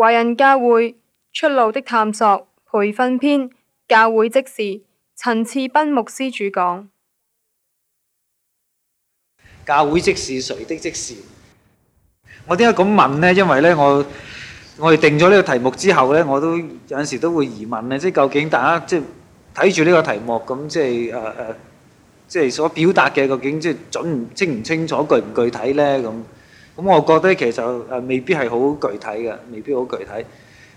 華人教會出路的探索培訓篇，教會即是陳次斌牧師主講。教會即是誰的即是？我點解咁問呢？因為呢，我我哋定咗呢個題目之後呢，我都有陣時都會疑問呢，即係究竟大家即係睇住呢個題目咁，即係誒誒，即係所表達嘅究竟即係準清唔清楚、具唔具體呢？咁。咁我覺得其實誒未必係好具體嘅，未必好具體。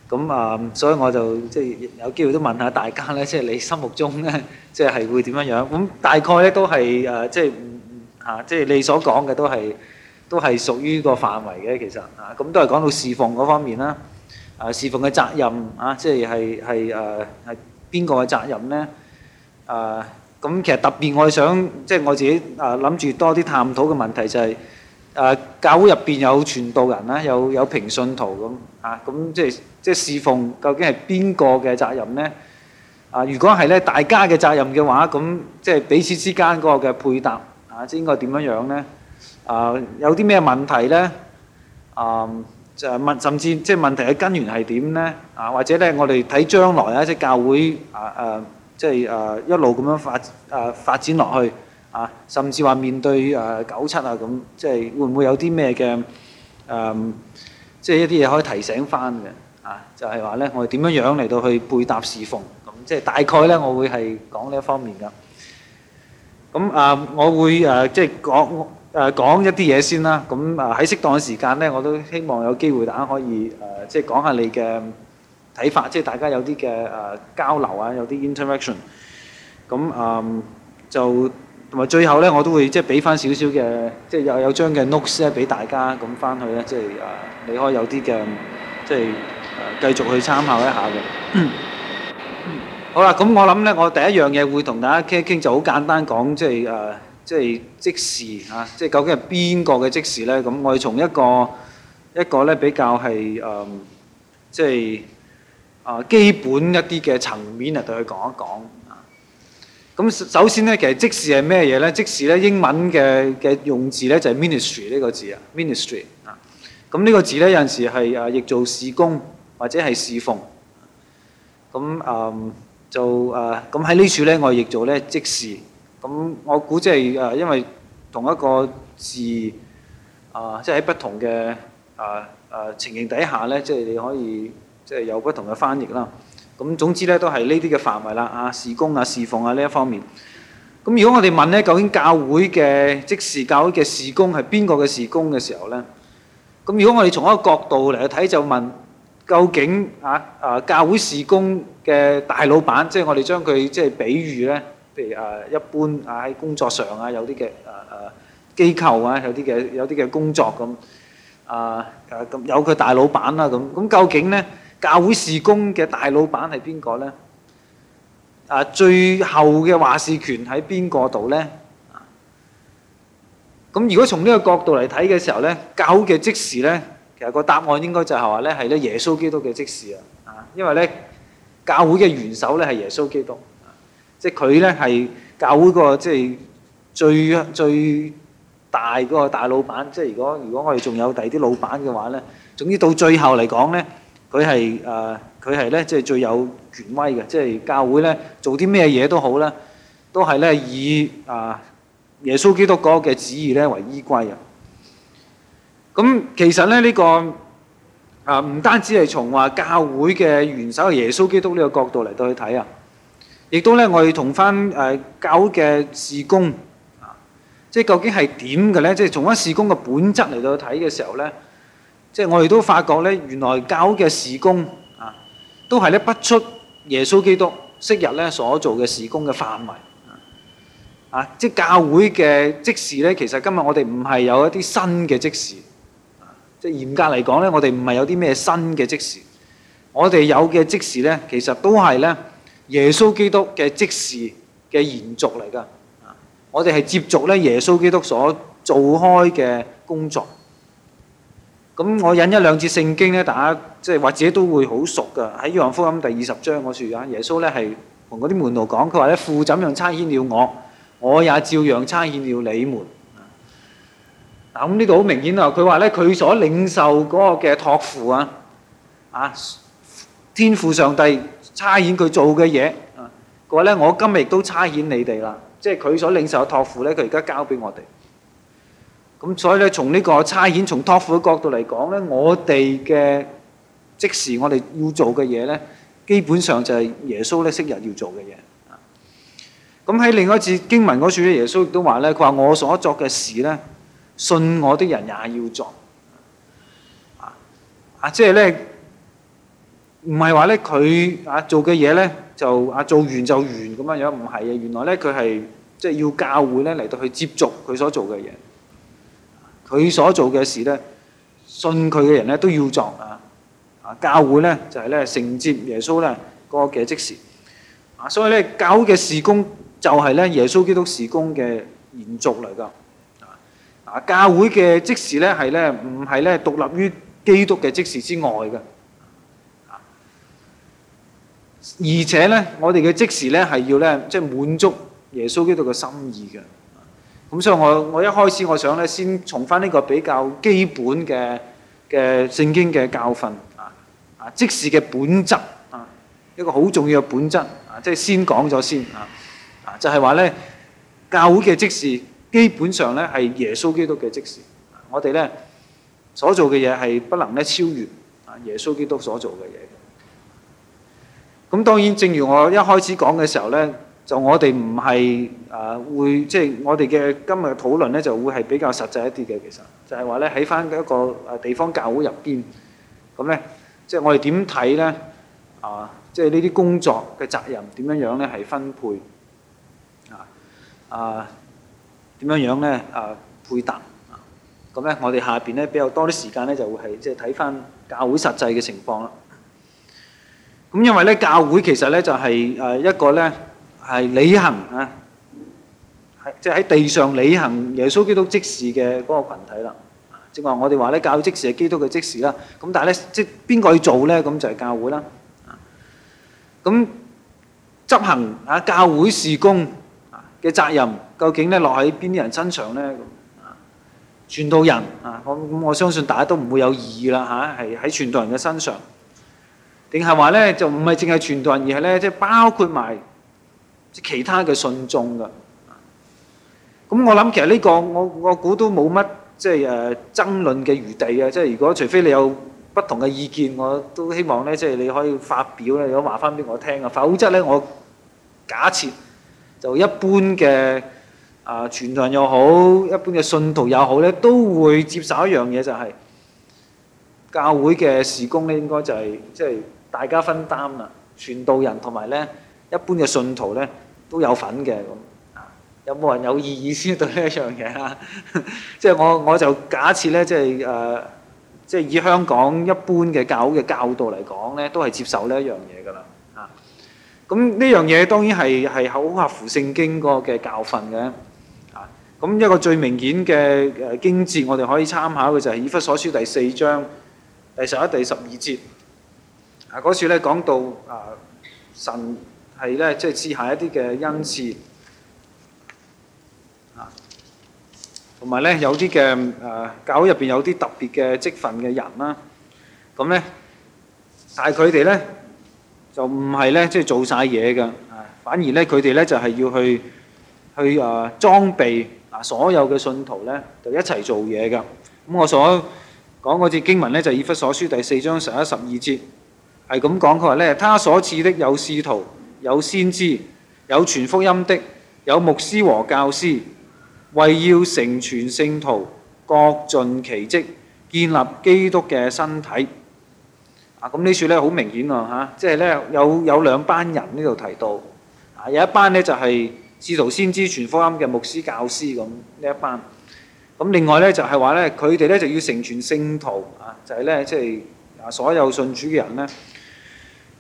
咁啊，所以我就即係有機會都問下大家咧，即係你心目中咧，即係係會點樣樣？咁大概咧都係誒，即係嚇，即係你所講嘅都係都係屬於個範圍嘅，其實啊，咁都係講到侍奉嗰方面啦。啊，侍奉嘅責任啊，即係係係誒，係邊個嘅責任咧？啊，咁其實特別，我想即係我自己啊，諗住多啲探討嘅問題就係。誒教會入邊有傳道人啦，有有平信徒咁啊，咁即係即係侍奉，究竟係邊個嘅責任咧？啊，如果係咧大家嘅責任嘅話，咁即係彼此之間嗰個嘅配搭啊，即係應該點樣樣咧？啊，有啲咩問題咧？啊，就問甚至即係問題嘅根源係點咧？啊，或者咧我哋睇將來啊，即係教會啊誒，即係誒一路咁樣發誒發展落去。啊，甚至話面對誒九七啊，咁即係會唔會有啲咩嘅誒？即係一啲嘢可以提醒翻嘅啊，就係話咧，我哋點樣樣嚟到去配搭侍奉咁，即係大概咧，我會係講呢一方面嘅。咁啊，我會誒即係講誒講一啲嘢先啦。咁啊喺適當嘅時間咧，我都希望有機會大家可以誒即係講下你嘅睇法，即係大家有啲嘅誒交流啊，有啲 interaction。咁啊就。同埋最後咧，我都會即係俾翻少少嘅，即係又有，有張嘅 notes 咧，俾大家咁翻去咧，即係啊、呃，你可以有啲嘅，即係啊、呃，繼續去參考一下嘅。 好啦，咁我諗咧，我第一樣嘢會同大家傾一傾，就好簡單講，即係、呃、啊，即係即時啊，即係究竟係邊個嘅即時咧？咁我哋從一個一個咧比較係啊、呃，即係啊、呃、基本一啲嘅層面嚟對佢講一講。咁首先咧，其實職事係咩嘢咧？職事咧，英文嘅嘅用字咧就係、是、ministry 呢個字啊，ministry 啊。咁呢個字咧有陣時係啊，譯做事工或者係事奉。咁啊，就啊，咁喺呢處咧，我譯做咧職事。咁我估即係啊，因為同一個字啊，即係喺不同嘅啊啊、呃、情形底下咧，即、就、係、是、你可以即係、就是、有不同嘅翻譯啦。咁總之咧，都係呢啲嘅範圍啦，時時啊，事工啊，侍奉啊呢一方面。咁如果我哋問咧，究竟教會嘅即時教會嘅事工係邊個嘅事工嘅時候咧？咁如果我哋從一個角度嚟去睇，就問究竟啊啊，教會事工嘅大老闆，即係我哋將佢即係比喻咧，譬如啊，一般啊喺工作上啊有啲嘅啊啊機構啊，有啲嘅有啲嘅工作咁啊啊咁有佢大老闆啦咁，咁究竟咧？教會事工嘅大老闆係邊個呢？啊，最後嘅話事權喺邊個度呢？咁如果從呢個角度嚟睇嘅時候呢，教會嘅職事呢，其實個答案應該就係話呢，係呢耶穌基督嘅職事啊！啊，因為呢，教會嘅元首呢係耶穌基督，即係佢呢係教會個即係最最大嗰個大老闆。即係如果如果我哋仲有第二啲老闆嘅話呢，總之到最後嚟講呢。佢係誒，佢係咧，即係最有權威嘅，即係教會咧做啲咩嘢都好咧，都係咧以誒耶穌基督嗰嘅旨意咧為依歸啊。咁其實咧呢個啊，唔單止係從話教會嘅元首耶穌基督呢個角度嚟到去睇啊，亦都咧我哋同翻誒教嘅事工，即係究竟係點嘅咧？即係從翻事工嘅本質嚟到睇嘅時候咧。即係我哋都發覺呢，原來教嘅事工啊，都係咧不出耶穌基督昔日咧所做嘅事工嘅範圍。即教會嘅職事呢，其實今日我哋唔係有一啲新嘅職事。即係嚴格嚟講呢，我哋唔係有啲咩新嘅職事。我哋有嘅職事呢，其實都係呢耶穌基督嘅職事嘅延續嚟㗎。我哋係接續呢耶穌基督所做開嘅工作。咁我引一兩節聖經咧，大家即係或者都會好熟噶。喺《約翰福音》第二十章嗰處啊，耶穌咧係同嗰啲門徒講，佢話咧：父怎樣差遣了我，我也照樣差遣了你們。嗱，咁呢度好明顯啊！佢話咧，佢所領受嗰個嘅託付啊，啊，天父上帝差遣佢做嘅嘢啊，佢話咧我今日都差遣你哋啦。即係佢所領受嘅託付咧，佢而家交俾我哋。咁所以咧，從呢個差遣，從託付嘅角度嚟講咧，我哋嘅即時我哋要做嘅嘢咧，基本上就係耶穌咧昔日要做嘅嘢。咁喺另外一次經文嗰處咧，耶穌亦都話咧：佢話我所作嘅事咧，信我的人也要做。啊啊，即係咧，唔係話咧佢啊做嘅嘢咧就啊做完就完咁樣樣，唔係嘅。原來咧佢係即係要教會咧嚟到去接觸佢所做嘅嘢。佢所做嘅事咧，信佢嘅人咧都要做啊！啊，教會咧就係咧承接耶穌咧個嘅職事啊，所以咧教會嘅事工就係咧耶穌基督事工嘅延續嚟㗎啊！啊，教會嘅職事咧係咧唔係咧獨立於基督嘅職事之外嘅啊！而且咧，我哋嘅職事咧係要咧即係滿足耶穌基督嘅心意㗎。咁所以我，我我一開始我想咧，先從翻呢個比較基本嘅嘅聖經嘅教訓，啊啊，職事嘅本質，啊，一個好重要嘅本質，啊，即係先講咗先啊啊，就係話咧，教會嘅職事基本上咧係耶穌基督嘅職事，我哋咧所做嘅嘢係不能咧超越啊耶穌基督所做嘅嘢。咁當然，正如我一開始講嘅時候咧。就我哋唔係誒會，即係我哋嘅今日嘅討論咧，就會係比較實際一啲嘅。其實就係話咧，喺翻一個誒地方教會入邊，咁咧即係我哋點睇咧啊？即係呢啲工作嘅責任點樣樣咧係分配啊，啊點樣樣咧啊配搭啊？咁咧我哋下邊咧比較多啲時間咧就會係即係睇翻教會實際嘅情況啦。咁因為咧教會其實咧就係誒一個咧。係履行啊！喺即係喺地上履行耶穌基督職事嘅嗰個羣體啦。即係話我哋話咧，教職事係基督嘅職事啦。咁但係咧，即係邊個去做咧？咁就係教會啦。咁執行啊，教會事工嘅責任究竟咧落喺邊啲人身上咧？啊，傳道人啊，我咁我相信大家都唔會有異議啦。嚇係喺傳道人嘅身上，定係話咧就唔係淨係傳道人，而係咧即係包括埋。其他嘅信眾㗎，咁我諗其實呢個我我估都冇乜即係誒爭論嘅餘地啊！即係如果除非你有不同嘅意見，我都希望咧即係你可以發表咧，如果話翻俾我聽啊，否則咧我假設就一般嘅啊傳道人又好，一般嘅信徒又好咧，都會接受一樣嘢就係教會嘅事工咧，應該就係即係大家分擔啦。傳道人同埋咧一般嘅信徒咧，都有份嘅咁，有冇人有意義先對呢一樣嘢啦？即 係我我就假設咧，即係誒，即、呃、係、就是、以香港一般嘅教嘅教導嚟講咧，都係接受呢一樣嘢噶啦。啊，咁呢樣嘢當然係係好合乎聖經嗰嘅教訓嘅。啊，咁一個最明顯嘅經節，我哋可以參考嘅就係、是、以弗所書第四章第十一、第十二節。啊，嗰次咧講到啊神。係咧，即係置下一啲嘅恩賜啊，同埋咧有啲嘅誒教會入邊有啲特別嘅職份嘅人啦。咁咧，但係佢哋咧就唔係咧，即係做晒嘢嘅啊，反而咧佢哋咧就係要去去誒裝備啊，所有嘅信徒咧就一齊做嘢嘅。咁我所講嗰節經文咧就以弗所書第四章十一十二節係咁講，佢話咧，他所賜的有使徒。有先知，有傳福音的，有牧師和教師，為要成全聖徒，各盡其職，建立基督嘅身體。啊，咁呢處咧好明顯啊。嚇，即係咧有有兩班人呢度提到，啊有一班呢，就係、是、使徒先知、傳福音嘅牧師、教師咁呢一班，咁、啊、另外咧就係話咧佢哋咧就要成全聖徒啊，就係咧即係啊所有信主嘅人咧，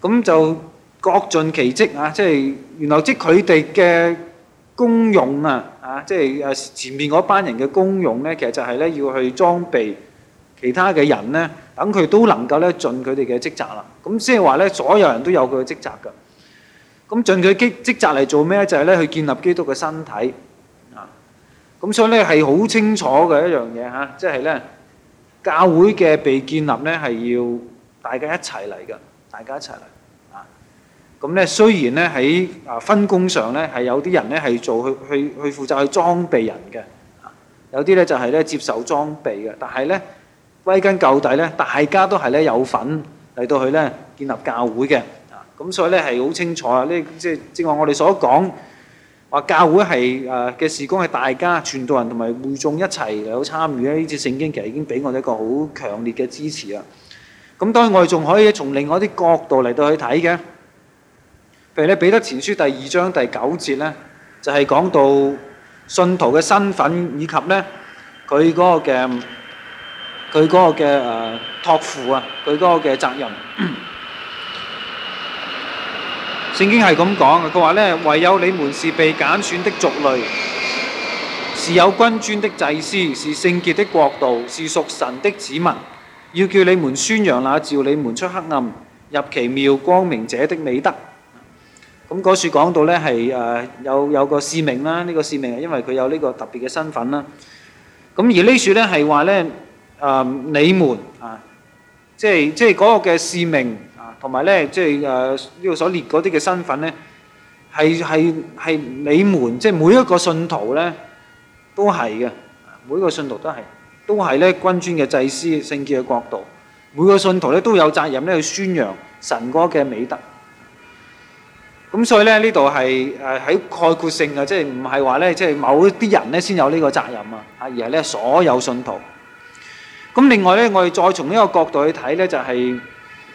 咁就。各盡其職啊！即係原來即佢哋嘅功用啊！啊，即係誒前面嗰班人嘅功用咧，其實就係咧要去裝備其他嘅人咧，等佢都能夠咧盡佢哋嘅職責啦。咁即係話咧，所有人都有佢嘅職責㗎。咁盡佢嘅職責嚟做咩咧？就係咧去建立基督嘅身體啊！咁所以咧係好清楚嘅一樣嘢嚇，即係咧教會嘅被建立咧係要大家一齊嚟㗎，大家一齊嚟。咁咧，雖然咧喺啊分工上咧，係有啲人咧係做去去去負責去裝備人嘅，有啲咧就係咧接受裝備嘅，但係咧歸根究底咧，大家都係咧有份嚟到去咧建立教會嘅，咁所以咧係好清楚啊！呢即係正如話我哋所講話教會係啊嘅事工係大家傳道人同埋會眾一齊嚟到參與咧。呢次聖經其實已經俾我哋一個好強烈嘅支持啊！咁當然我哋仲可以從另外啲角度嚟到去睇嘅。譬如咧彼得前書第二章第九節呢，就係、是、講到信徒嘅身份以及呢，佢嗰個嘅佢嗰個嘅誒託付啊，佢嗰個嘅責任。 聖經係咁講嘅，佢話呢，唯有你們是被揀選的族類，是有君尊的祭司，是聖潔的國度，是屬神的子民，要叫你們宣揚那召你們出黑暗入奇妙光明者的美德。咁嗰處講到咧係誒有有個使命啦，呢個使命係因為佢有呢個特別嘅身份啦。咁而呢處咧係話咧誒你們啊，即係即係嗰個嘅使命啊，同埋咧即係誒呢個所列嗰啲嘅身份咧，係係係你們，即係每一個信徒咧都係嘅，每個信徒都係，都係咧君尊嘅祭司，聖潔嘅國度。每個信徒咧都有責任咧去宣揚神嗰嘅美德。咁所以咧，呢度係誒喺概括性嘅，即係唔係話咧，即係某啲人咧先有呢個責任啊，而係咧所有信徒。咁另外咧，我哋再從呢個角度去睇咧，就係、是、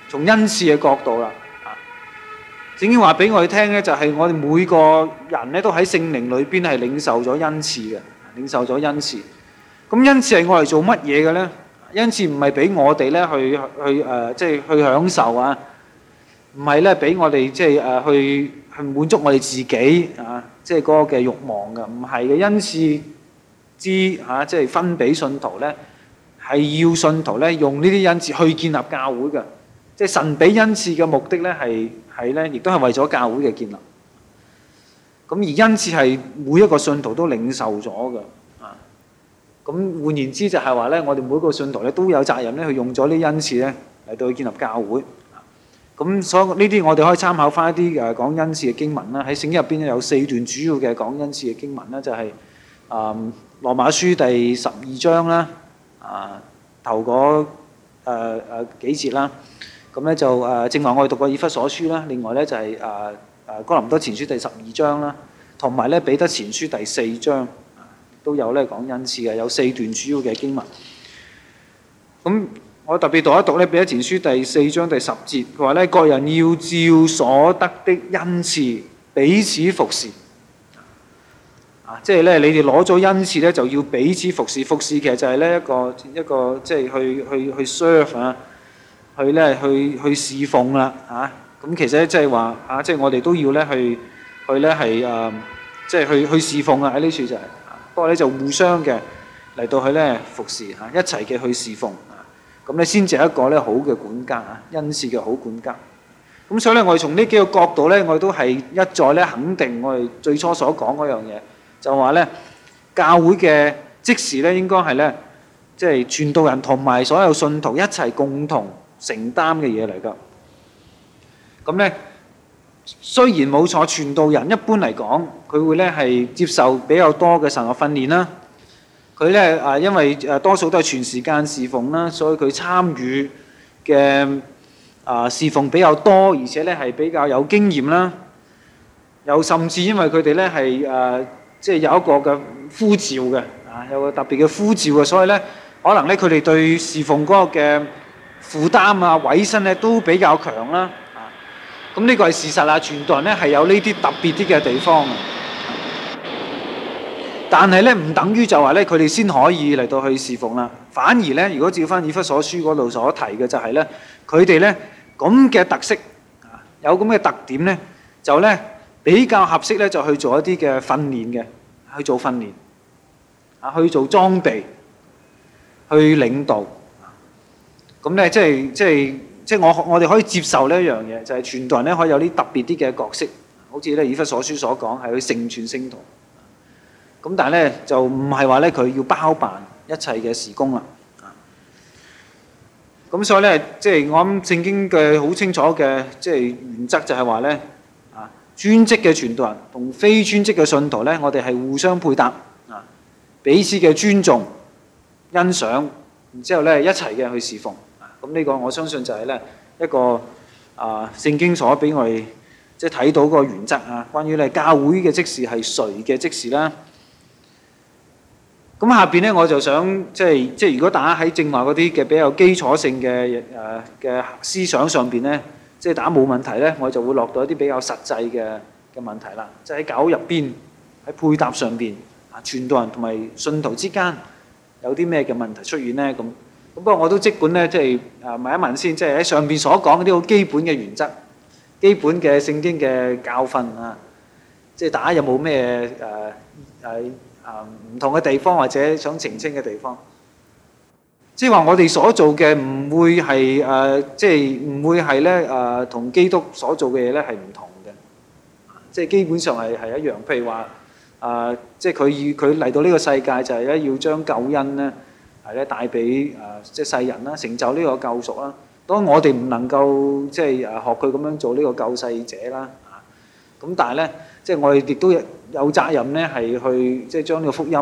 從恩賜嘅角度啦。啊，聖經話俾我哋聽咧，就係、是、我哋每個人咧都喺聖靈裏邊係領受咗恩賜嘅，領受咗恩賜。咁恩賜係我哋做乜嘢嘅咧？恩賜唔係俾我哋咧去去誒，即、呃、係、就是、去享受啊。唔係咧，俾我哋即係誒去去滿足我哋自己啊，即係嗰個嘅慾望嘅，唔係嘅恩賜之嚇，即係分俾信徒咧，係要信徒咧用呢啲恩賜去建立教會嘅。即係神俾恩賜嘅目的咧，係係咧，亦都係為咗教會嘅建立。咁而恩賜係每一個信徒都領受咗嘅，啊，咁換言之就係話咧，我哋每一個信徒咧都有責任咧去用咗呢啲恩賜咧嚟到去建立教會。咁所以呢啲我哋可以參考翻一啲誒講恩賜嘅經文啦，喺聖經入邊咧有四段主要嘅講恩賜嘅經文啦，就係誒羅馬書第十二章啦，啊頭嗰誒誒幾節啦，咁咧就誒正話我哋讀過以弗所書啦，另外咧就係誒誒哥林多前書第十二章啦，同埋咧彼得前書第四章都有咧講恩賜嘅，有四段主要嘅經文。咁我特別讀一讀咧，彼得前書第四章第十節，佢話呢，各人要照所得的恩賜，彼此服侍。啊，即係呢，你哋攞咗恩賜呢，就要彼此服侍。服侍其實就係呢一個一個，即係去去去，去 serve 啊，去咧去去侍奉啦，啊，咁、嗯、其實即係話啊，即係我哋都要呢去去咧係誒，即係去去侍奉、就是、啊！喺呢處就係，不過咧就互相嘅嚟到去呢，服侍，嚇，一齊嘅去侍奉。咁你先至係一個咧好嘅管家啊，恩賜嘅好管家。咁所以咧，我哋從呢幾個角度咧，我哋都係一再咧肯定我哋最初所講嗰樣嘢，就話咧，教會嘅職事咧應該係咧，即係傳道人同埋所有信徒一齊共同承擔嘅嘢嚟㗎。咁咧，雖然冇錯，傳道人一般嚟講，佢會咧係接受比較多嘅神學訓練啦。佢咧啊，因為誒多數都係全時間侍奉啦，所以佢參與嘅啊侍奉比較多，而且咧係比較有經驗啦。又甚至因為佢哋咧係誒，即係有一個嘅呼召嘅啊，有個特別嘅呼召嘅，所以咧可能咧佢哋對侍奉嗰個嘅負擔啊、委身咧都比較強啦、啊。啊，咁、嗯、呢、這個係事實啊，傳道人咧係有呢啲特別啲嘅地方。但係咧，唔等於就話咧，佢哋先可以嚟到去侍奉啦。反而咧，如果照返以弗所書嗰度所提嘅、就是，就係咧，佢哋咧咁嘅特色啊，有咁嘅特點咧，就咧比較合適咧，就去做一啲嘅訓練嘅，去做訓練啊，去做裝備，去領導。咁咧、就是，即係即係即係我我哋可以接受呢一樣嘢，就係、是、全代人咧可以有啲特別啲嘅角色，好似咧以弗所書所講，係去成全聖徒。咁但係咧就唔係話咧佢要包辦一切嘅事工啦，咁所以咧，即係我諗聖經嘅好清楚嘅即係原則就係話咧，啊，專職嘅傳道人同非專職嘅信徒咧，我哋係互相配搭啊，彼此嘅尊重、欣賞，然之後咧一齊嘅去侍奉，啊！咁呢個我相信就係咧一個啊聖經所俾我哋即係睇到個原則啊，關於咧教會嘅職事係誰嘅職事啦。咁下邊咧我就想即係即係如果大家喺正話嗰啲嘅比較基礎性嘅誒嘅思想上邊咧，即係大家冇問題咧，我就會落到一啲比較實際嘅嘅問題啦，就喺教入邊喺配搭上邊啊，傳道人同埋信徒之間有啲咩嘅問題出現咧？咁咁不過我都即管咧即係啊問一問先，即係喺上邊所講嗰啲好基本嘅原則、基本嘅聖經嘅教訓啊，即係大家有冇咩誒誒？呃呃呃呃啊，唔同嘅地方或者想澄清嘅地方，即係話我哋所做嘅唔會係誒，即係唔會係咧誒，同基督所做嘅嘢咧係唔同嘅，即係基本上係係一樣。譬如話誒，即係佢與佢嚟到呢個世界就係咧要將救恩咧係咧帶俾誒即係世人啦，成就呢個救贖啦。當然我哋唔能夠即係誒學佢咁樣做呢個救世者啦，啊，咁但係咧，即係我哋亦都有。有責任咧，係去即係將呢個福音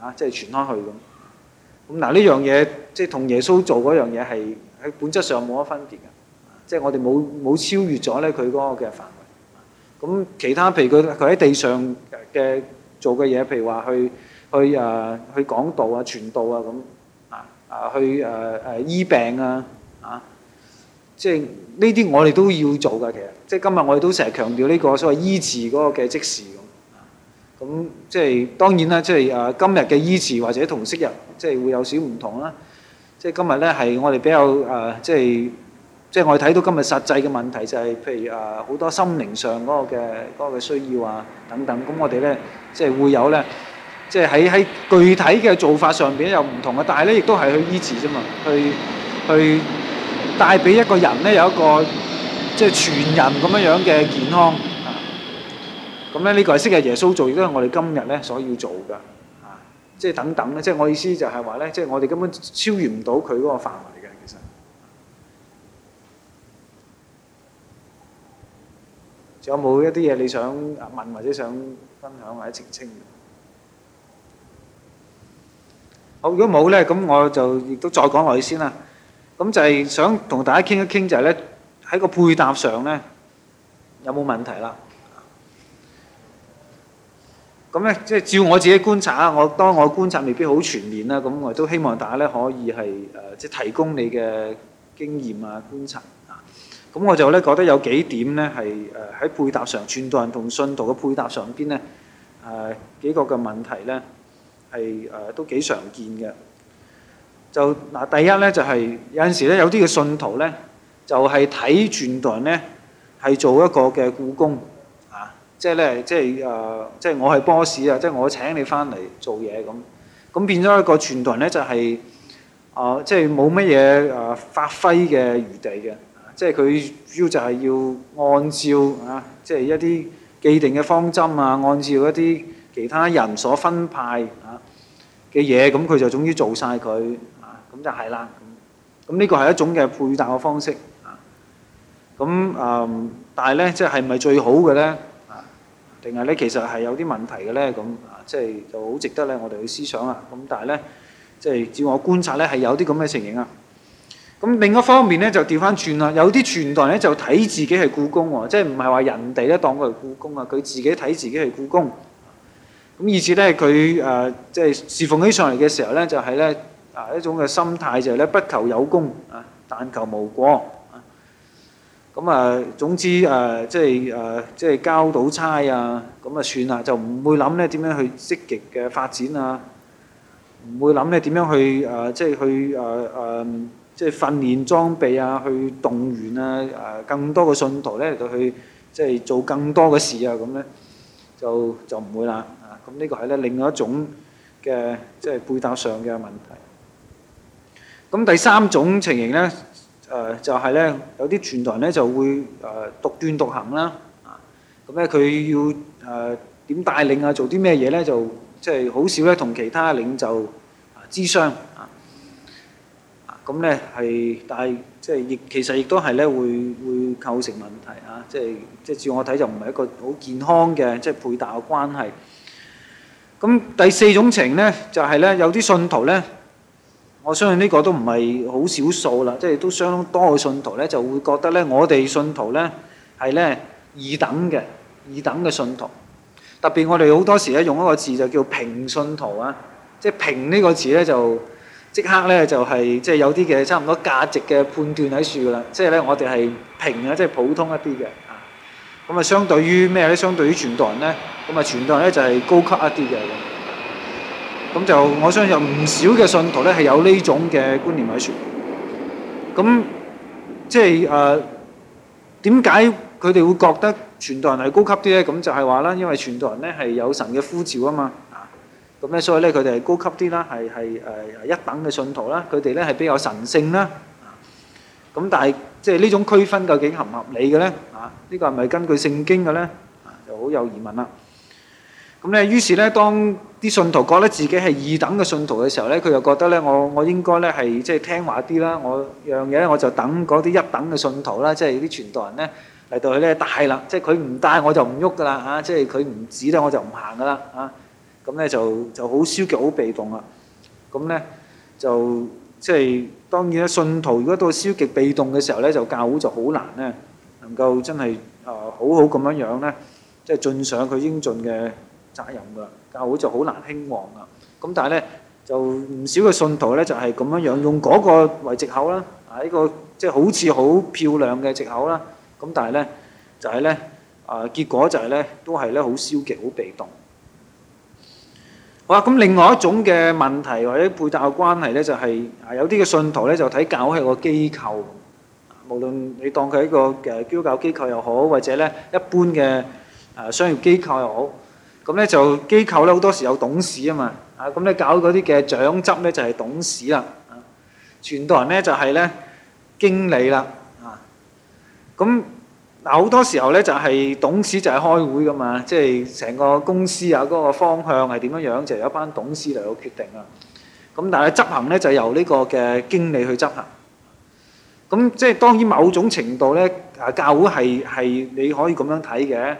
啊，即係傳開去咁。咁嗱呢樣嘢，即係同耶穌做嗰樣嘢係喺本質上冇乜分別嘅，啊。即係我哋冇冇超越咗咧佢嗰個嘅範圍。咁、啊、其他譬如佢佢喺地上嘅做嘅嘢，譬如話去去誒、呃、去講道，傳道啊、傳道啊咁啊啊去誒誒、呃、醫病啊啊！即係呢啲我哋都要做㗎，其實即係今日我哋都成日強調呢個所謂醫治嗰個嘅職事。咁、嗯、即係當然啦，即係誒今日嘅醫治或者同昔日即係會有少唔同啦。即係今日咧係我哋比較誒、呃，即係即係我哋睇到今日實際嘅問題就係、是，譬如誒好、呃、多心靈上嗰個嘅嗰個嘅需要啊等等。咁我哋咧即係會有咧，即係喺喺具體嘅做法上邊有唔同嘅，但係咧亦都係去醫治啫嘛，去去帶俾一個人咧有一個即係全人咁樣樣嘅健康。咁咧呢個係昔日耶穌做，亦都係我哋今日咧所要做噶，啊，即係等等咧，即係我意思就係話咧，即係我哋根本超越唔到佢嗰個範圍嘅，其實。仲有冇一啲嘢你想問或者想分享或者澄清？好，如果冇咧，咁我就亦都再講落去先啦。咁就係想同大家傾一傾，就係咧喺個配搭上咧有冇問題啦？咁咧，即係照我自己觀察啊，我當我觀察未必好全面啦，咁我都希望大家咧可以係誒，即、呃、係提供你嘅經驗啊、觀察啊。咁、呃、我就咧覺得有幾點咧係誒喺配搭上傳道人同信徒嘅配搭上邊咧，誒幾個嘅問題咧係誒都幾常見嘅。就嗱、呃，第一咧就係、是、有陣時咧有啲嘅信徒咧就係睇傳道人咧係做一個嘅僱工。即係咧、呃，即係誒，即係我係 boss 啊！即係我請你翻嚟做嘢咁，咁變咗一個傳統咧、就係，就、呃、係啊，即係冇乜嘢誒發揮嘅餘地嘅，即係佢主要就係要按照啊，即係一啲既定嘅方針啊，按照一啲其他人所分派啊嘅嘢，咁佢就終於做晒佢啊，咁就係啦。咁、啊、呢、啊、個係一種嘅配搭嘅方式啊。咁、嗯、誒，但係咧，即係係咪最好嘅咧？定係咧，其實係有啲問題嘅咧，咁啊，即係就好值得咧，我哋去思想啊。咁但係咧，即係照我觀察咧，係有啲咁嘅情形啊。咁另一方面咧，就調翻轉啦，有啲傳代咧就睇自己係故宮喎，即係唔係話人哋咧當佢係故宮啊，佢自己睇自己係故宮。咁因此咧，佢誒即係侍奉起上嚟嘅時候咧，就係咧啊一種嘅心態就係咧不求有功啊，但求無過。咁啊，總之啊、呃，即係啊、呃，即係交到差啊，咁啊算啦，就唔會諗咧點樣去積極嘅發展啊，唔會諗咧點樣去啊、呃，即係去啊啊，即係訓練裝備啊，去動員啊，誒、呃、更多嘅信徒咧，就去即係做更多嘅事啊，咁咧就就唔會啦啊，咁呢個係咧另外一種嘅即係配搭上嘅問題。咁第三種情形咧。誒就係咧，有啲傳道人咧就會誒獨斷獨行啦，啊咁咧佢要誒點帶領啊，做啲咩嘢咧就即係好少咧同其他領袖啊諮商啊，啊咁咧係但即係亦其實亦都係咧會會構成問題啊，即係即係照我睇就唔係一個好健康嘅即係配搭嘅關係。咁第四種情咧就係咧有啲信徒咧。我相信呢個都唔係好少數啦，即係都相當多嘅信徒咧就會覺得咧，我哋信徒咧係咧二等嘅二等嘅信徒，特別我哋好多時咧用一個字就叫平信徒啊，即係平呢個字咧就即刻咧就係即係有啲嘅差唔多價值嘅判斷喺樹啦，即係咧我哋係平啊，即係普通一啲嘅，咁啊相對於咩咧？相對於傳道人咧，咁啊傳道人咧就係高級一啲嘅。咁就我相信唔少嘅信徒咧係有呢種嘅觀念喺度。咁即係誒點解佢哋會覺得傳道人係高級啲咧？咁就係話啦，因為傳道人咧係有神嘅呼召啊嘛。啊，咁咧所以咧佢哋係高級啲啦，係係誒一等嘅信徒啦，佢哋咧係比較神聖啦。啊，咁但係即係呢種區分究竟合唔合理嘅咧？啊，呢個係咪根據聖經嘅咧？啊，就好有疑問啦。咁咧，於是咧，當啲信徒覺得自己係二等嘅信徒嘅時候咧，佢就覺得咧，我我應該咧係即係聽話啲啦。我樣嘢咧，我就等嗰啲一等嘅信徒啦，即係啲傳道人咧嚟到佢咧帶啦。即係佢唔帶我就唔喐噶啦嚇，即係佢唔指咧我就唔行噶啦嚇。咁、啊、咧就就好消極，好被動啊。咁咧就即係、就是、當然咧，信徒如果到消極被動嘅時候咧，就教會就好難咧，能夠真係啊好好咁樣樣咧，即、就、係、是、盡上佢應盡嘅責任㗎，教會就好難興旺㗎。咁但係咧，就唔少嘅信徒咧就係咁樣樣用嗰個為藉口啦，啊呢個即係好似好漂亮嘅藉口啦。咁但係咧就係咧啊，結果就係咧都係咧好消極、好被動。好啊，咁另外一種嘅問題或者配搭嘅關係咧，就係啊有啲嘅信徒咧就睇教會係個機構，無論你當佢係一個嘅基督教機構又好，或者咧一般嘅誒商業機構又好。咁咧就機構咧好多時有董事啊嘛，啊咁咧搞嗰啲嘅長執咧就係董事啦，啊，傳道人咧就係咧經理啦，啊，咁嗱好多時候咧就係董事就係開會噶嘛，即係成個公司啊嗰個方向係點樣樣就有一班董事嚟到決定啊，咁但係執行咧就由呢個嘅經理去執行，咁即係當然某種程度咧啊教會係係你可以咁樣睇嘅。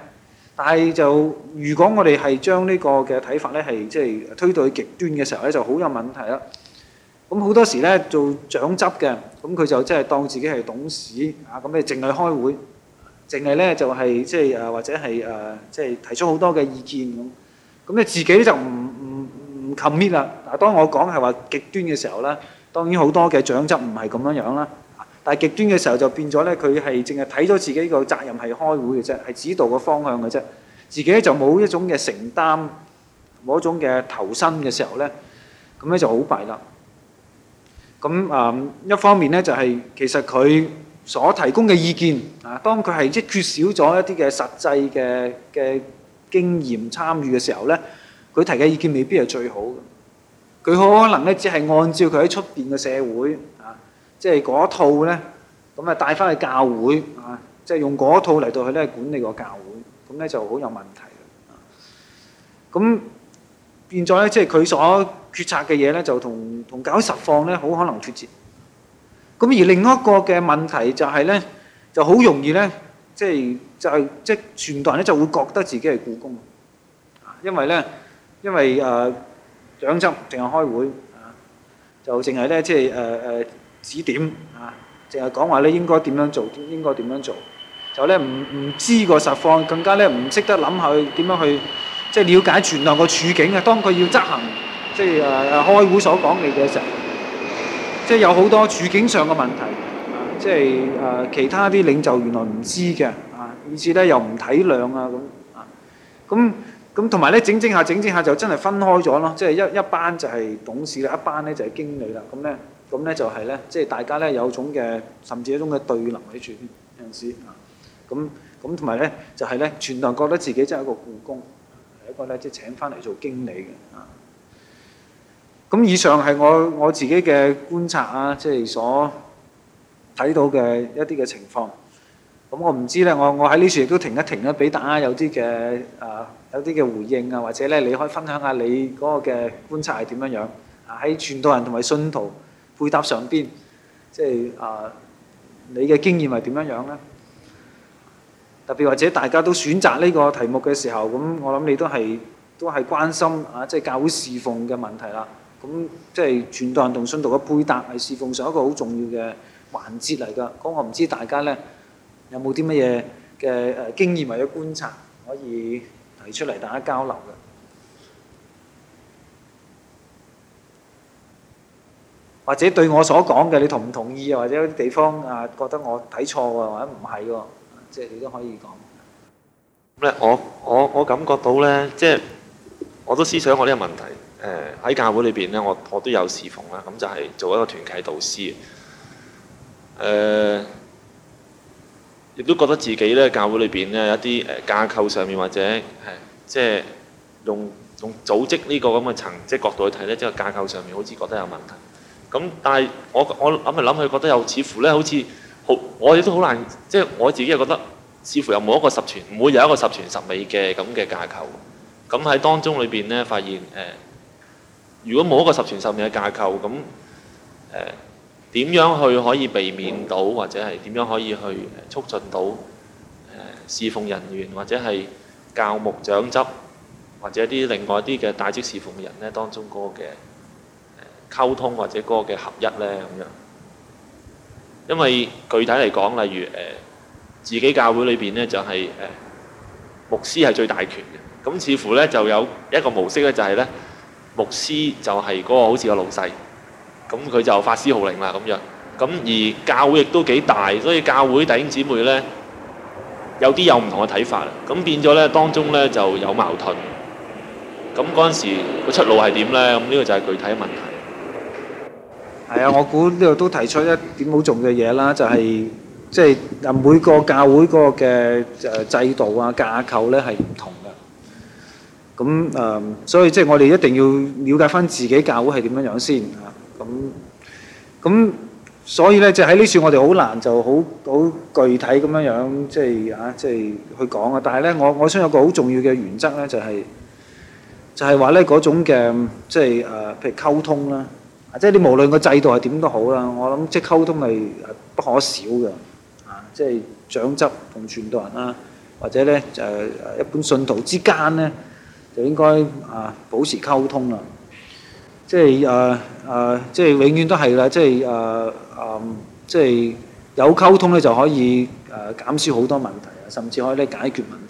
但係就如果我哋係將呢個嘅睇法咧係即係推到去極端嘅時候咧就好有問題啦。咁好多時咧做長執嘅，咁佢就即係當自己係董事啊，咁你淨係開會，淨係咧就係即係誒或者係誒即係提出好多嘅意見咁，咁你自己咧就唔唔唔 commit 啦。嗱，當我講係話極端嘅時候咧，當然好多嘅長執唔係咁樣樣啦。但係極端嘅時候就變咗咧，佢係淨係睇咗自己個責任係開會嘅啫，係指導個方向嘅啫，自己就冇一種嘅承擔，冇一種嘅投身嘅時候咧，咁咧就好弊啦。咁啊，一方面咧就係其實佢所提供嘅意見啊，當佢係即缺少咗一啲嘅實際嘅嘅經驗參與嘅時候咧，佢提嘅意見未必係最好嘅。佢好可能咧，只係按照佢喺出邊嘅社會。即係嗰一套咧，咁啊帶翻去教會啊，即係用嗰一套嚟到去咧管理個教會，咁咧就好有問題啊！咁變咗咧，即係佢所決策嘅嘢咧，就同同教會實況咧，好可能脱節。咁而另一個嘅問題就係咧，就好容易咧，即係就係即係全體人咧就會覺得自己係僱工啊，因為咧，因為誒長執淨係開會啊，就淨係咧即係誒誒。指點啊，淨係講話咧應該點樣做，應該點樣做，就咧唔唔知個實況，更加咧唔識得諗下點樣去即係了解全量個處境啊。當佢要執行即係誒開會所講嘅嘢時候，即係有好多處境上嘅問題，即係誒其他啲領袖原來唔知嘅啊，以致咧又唔體諒啊咁啊，咁咁同埋咧整整下整整下就真係分開咗咯，即係一一班就係董事啦，一班咧就係經理啦，咁咧。咁咧就係咧，即係大家咧有種嘅，甚至一種嘅對立喺處嗰陣時啊。咁咁同埋咧，就係咧，傳道人覺得自己真係一個僱工，係一個咧即係請翻嚟做經理嘅啊。咁以上係我我自己嘅觀察啊，即係所睇到嘅一啲嘅情況。咁我唔知咧，我我喺呢處亦都停一停啦，俾大家有啲嘅啊，有啲嘅回應啊，或者咧你可以分享下你嗰個嘅觀察係點樣樣啊？喺傳道人同埋信徒配搭上邊，即係啊、呃，你嘅經驗係點樣樣呢？特別或者大家都選擇呢個題目嘅時候，咁我諗你都係都係關心啊，即係教會侍奉嘅問題啦。咁即係傳道同信徒嘅配搭係侍奉上一個好重要嘅環節嚟㗎。咁我唔知大家呢，有冇啲乜嘢嘅誒經驗或者觀察可以提出嚟，大家交流嘅。或者對我所講嘅，你同唔同意啊？或者有啲地方啊，覺得我睇錯或者唔係喎，即係你都可以講。我我感覺到呢，即係我都思想我呢個問題。喺、呃、教會裏邊呢，我我都有事奉啦。咁就係做一個團契導師。亦、呃、都覺得自己呢，教會裏邊呢，有一啲架構上面或者即係用用組織呢個咁嘅層即係角度去睇呢，即係架構上面好似覺得有問題。咁但係我我諗嚟諗去覺得又似乎咧，好似好我哋都好難，即係我自己又覺得似乎又冇一個十全唔會有一個十全十美嘅咁嘅架構。咁喺當中裏邊咧，發現誒、呃，如果冇一個十全十美嘅架構，咁誒點樣去可以避免到，或者係點樣可以去促進到誒、呃、侍奉人員或者係教牧長執或者啲另外啲嘅帶職侍奉人咧，當中嗰個嘅。溝通或者嗰個嘅合一呢，咁樣，因為具體嚟講，例如誒、呃、自己教會裏邊呢，就係誒牧師係最大權嘅，咁、嗯、似乎呢，就有一個模式呢、就是，就係呢牧師就係嗰、那個好似個老細，咁、嗯、佢就發師號令啦咁樣，咁、嗯、而教會亦都幾大，所以教會弟兄姊妹呢，有啲有唔同嘅睇法，咁、嗯、變咗呢，當中呢就有矛盾，咁嗰陣時個出路係點呢？咁、嗯、呢、這個就係具體嘅問題。係啊，我估呢度都提出一點好重要嘅嘢啦，就係即係啊每個教會個嘅誒制度啊架構咧係唔同嘅。咁誒、呃，所以即係、就係、我哋一定要瞭解翻自己教會係點樣樣先啊。咁咁，所以咧即係喺呢處我哋好難就好好具體咁樣樣即係啊即係、就係、去講啊。但係咧，我我想有個好重要嘅原則咧，就係、係、就係話咧嗰種嘅即係誒，譬如溝通啦。即係你無論個制度係點都好啦，我諗即係溝通係不可少嘅，啊，即係長執同傳道人啦，或者咧誒、就係、一般信徒之間咧，就應該啊保持溝通啦。即係誒誒，即係永遠都係啦。即係誒誒，即係有溝通咧就可以誒減少好多問題啊，甚至可以咧解決問題。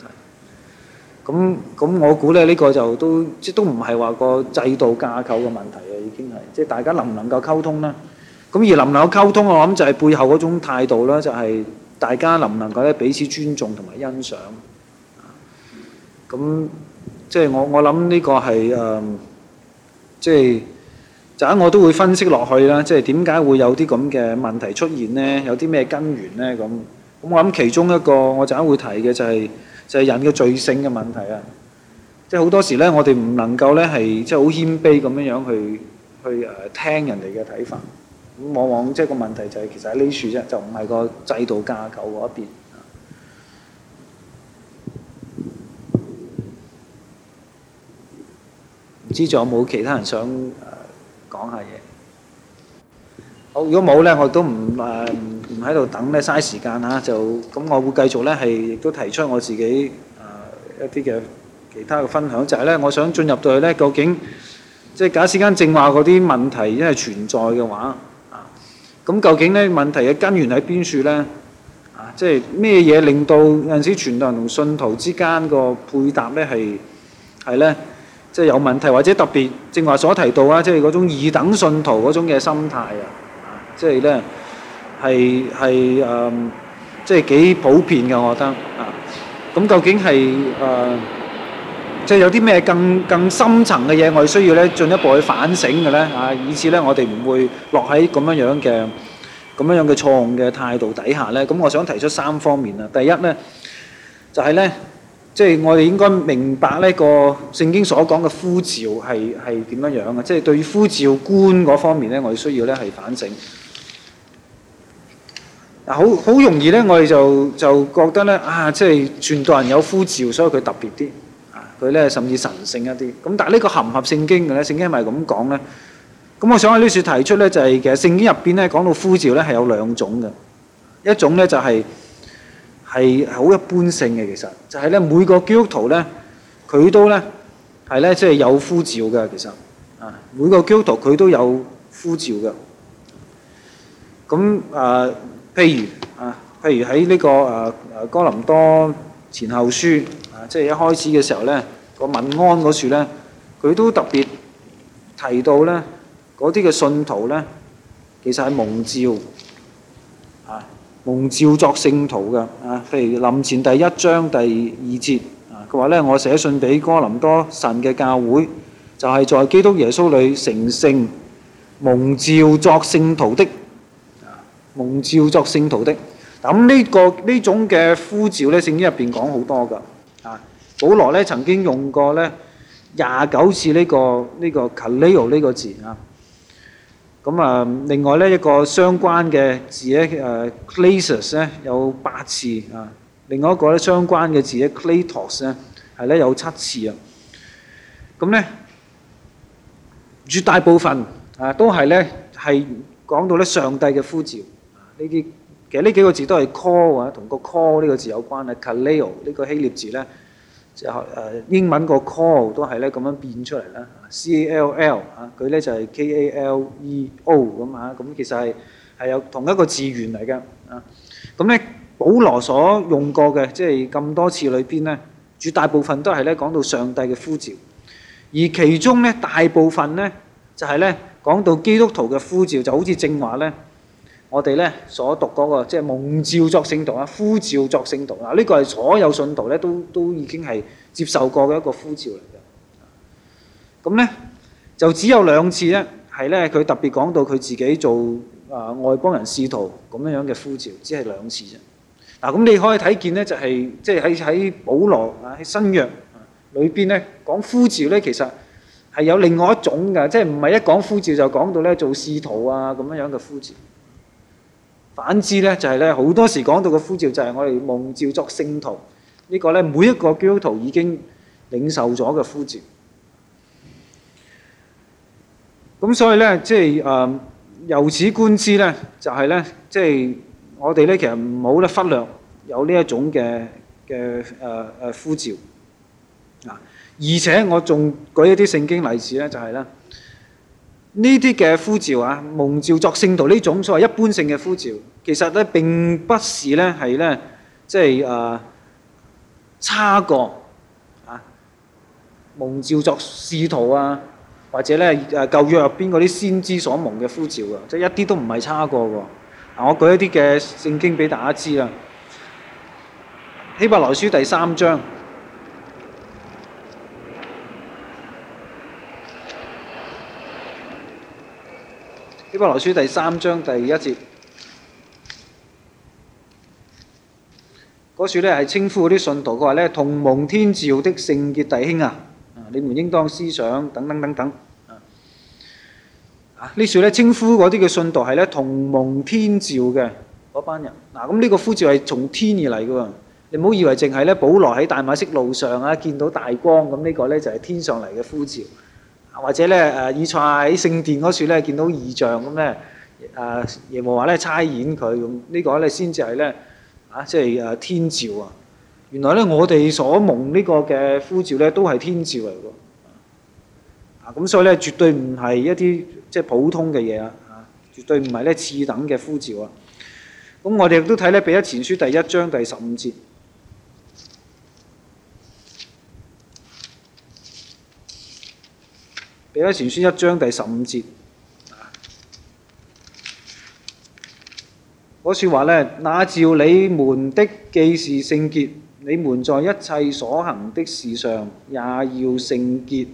咁咁，我估咧呢個就都即都唔係話個制度架構嘅問題。已經係即係大家能唔能夠溝通咧？咁而能唔能夠溝通，我諗就係背後嗰種態度咧，就係大家能唔能夠咧彼此尊重同埋欣賞。咁即係我我諗呢個係誒，即係陣間我都會分析落去啦。即係點解會有啲咁嘅問題出現咧？有啲咩根源咧？咁咁我諗其中一個我陣間會提嘅就係就係人嘅罪性嘅問題啊！即係好多時咧，我哋唔能夠咧係即係好謙卑咁樣樣去去誒聽人哋嘅睇法，咁往往即係個問題就係其實喺呢處啫，就唔係個制度架構嗰一邊。唔知仲有冇其他人想誒講下嘢？好，如果冇咧，我都唔誒唔喺度等咧，嘥時間嚇，就咁我會繼續咧係亦都提出我自己誒一啲嘅其他嘅分享，就係咧我想進入到去咧究竟。即係假設間正話嗰啲問題，已經係存在嘅話，啊，咁究竟咧問題嘅根源喺邊處咧？啊，即係咩嘢令到有陣時傳道同信徒之間個配搭咧係係咧，即係、就是、有問題，或者特別正話所提到啊，即係嗰種二等信徒嗰種嘅心態啊，即係咧係係誒，即係幾普遍嘅，我覺得啊，咁究竟係誒？呃即係有啲咩更更深層嘅嘢，我哋需要咧進一步去反省嘅咧，啊，以致咧我哋唔會落喺咁樣樣嘅、咁樣樣嘅錯誤嘅態度底下咧。咁我想提出三方面啊。第一咧，就係咧，即係我哋應該明白呢個聖經所講嘅呼召係係點樣樣嘅，即係對呼召觀嗰方面咧，我哋需要咧係反省。啊，好好容易咧，我哋就就覺得咧啊，即係傳道人有呼召，所以佢特別啲。佢咧甚至神聖一啲，咁但係呢個合唔合聖經嘅咧？聖經係咪咁講咧？咁我想喺呢處提出咧，就係其實聖經入邊咧講到呼召咧係有兩種嘅，一種咧就係係好一般性嘅，其實就係咧每個基督徒咧佢都咧係咧即係有呼召嘅，其實啊每個基督徒佢都有呼召嘅。咁啊，譬如啊，譬如喺呢個啊啊哥林多前後書。即係一開始嘅時候咧，個文安嗰處咧，佢都特別提到咧嗰啲嘅信徒咧，其實係蒙召啊，蒙召作聖徒嘅啊。譬如林前第一章第二節啊，佢話咧：我寫信俾哥林多神嘅教會，就係、是、在基督耶穌裏成聖，蒙召作聖徒的啊，蒙召作聖徒的。咁呢個呢種嘅呼召咧，聖經入邊講好多噶。保羅咧曾經用過咧廿九次呢、這個呢、這個 kaleo 呢個字啊，咁啊另外咧一個相關嘅字咧誒 klesis 咧有八次啊，另外一個咧相關嘅字咧 kletos 咧係咧有七次啊，咁咧絕大部分啊都係咧係講到咧上帝嘅呼召啊。呢啲其實呢幾個字都係 call 啊，同個 call 呢個字有關啊 kaleo 呢個希臘字咧。就誒英文個 call 都係咧咁樣變出嚟啦，call 啊，佢咧就係 k a l e o 咁嚇，咁其實係係有同一個字源嚟嘅啊。咁、嗯、咧，保羅所用過嘅即係咁多次裏邊咧，絕大部分都係咧講到上帝嘅呼召，而其中咧大部分咧就係、是、咧講到基督徒嘅呼召，就好似正話咧。我哋咧所讀嗰個即係蒙召作聖徒啊，呼召作聖徒啊，呢個係所有信徒咧都都已經係接受過嘅一個呼召嚟嘅。咁咧就只有兩次咧，係咧佢特別講到佢自己做啊外邦人使徒咁樣樣嘅呼召，只係兩次啫。嗱，咁你可以睇見咧，就係即係喺喺保羅啊喺新約裏邊咧講呼召咧，其實係有另外一種㗎，即係唔係一講呼召就講到咧做使徒啊咁樣樣嘅呼召。.反之咧，就係咧好多時講到嘅呼召，就係我哋蒙召作聖徒呢、這個咧，每一個基督徒已經領受咗嘅呼召。咁所以咧，即係誒由此觀之咧、就是，就係咧，即係我哋咧其實唔好咧忽略有呢一種嘅嘅誒誒呼召啊。而且我仲舉一啲聖經例子咧、就是，就係咧。呢啲嘅呼召啊，蒙召作聖徒呢種所謂一般性嘅呼召，其實咧並不是咧係咧即係誒、呃、差過啊蒙召作使徒啊，或者咧誒舊約入邊嗰啲先知所蒙嘅呼召啊，即係一啲都唔係差過喎。嗱，我舉一啲嘅聖經俾大家知啦，《希伯來書》第三章。哥羅書第三章第一節，嗰處咧，係稱呼嗰啲信徒，佢話咧，同蒙天召的聖潔弟兄啊，你們應當思想等等等等啊。呢處咧稱呼嗰啲嘅信徒係咧同蒙天召嘅嗰班人。嗱、啊，咁呢個呼召係從天而嚟嘅。你唔好以為淨係咧保羅喺大馬色路上啊見到大光，咁呢個咧就係天上嚟嘅呼召。或者咧誒，以賽亞喺聖殿嗰處咧見到異象咁咧，誒耶和華咧差遣佢，呢、呢個咧先至係咧啊，即係誒天召啊！原來咧我哋所蒙呢個嘅呼召咧都係天召嚟嘅，啊咁所以咧絕對唔係一啲即係普通嘅嘢啊，絕對唔係咧次等嘅呼召啊！咁我哋亦都睇咧《彼得前書》第一章第十五節。彼得前書一章第十五節，嗰說話呢，那召你們的既是聖潔，你們在一切所行的事上也要聖潔。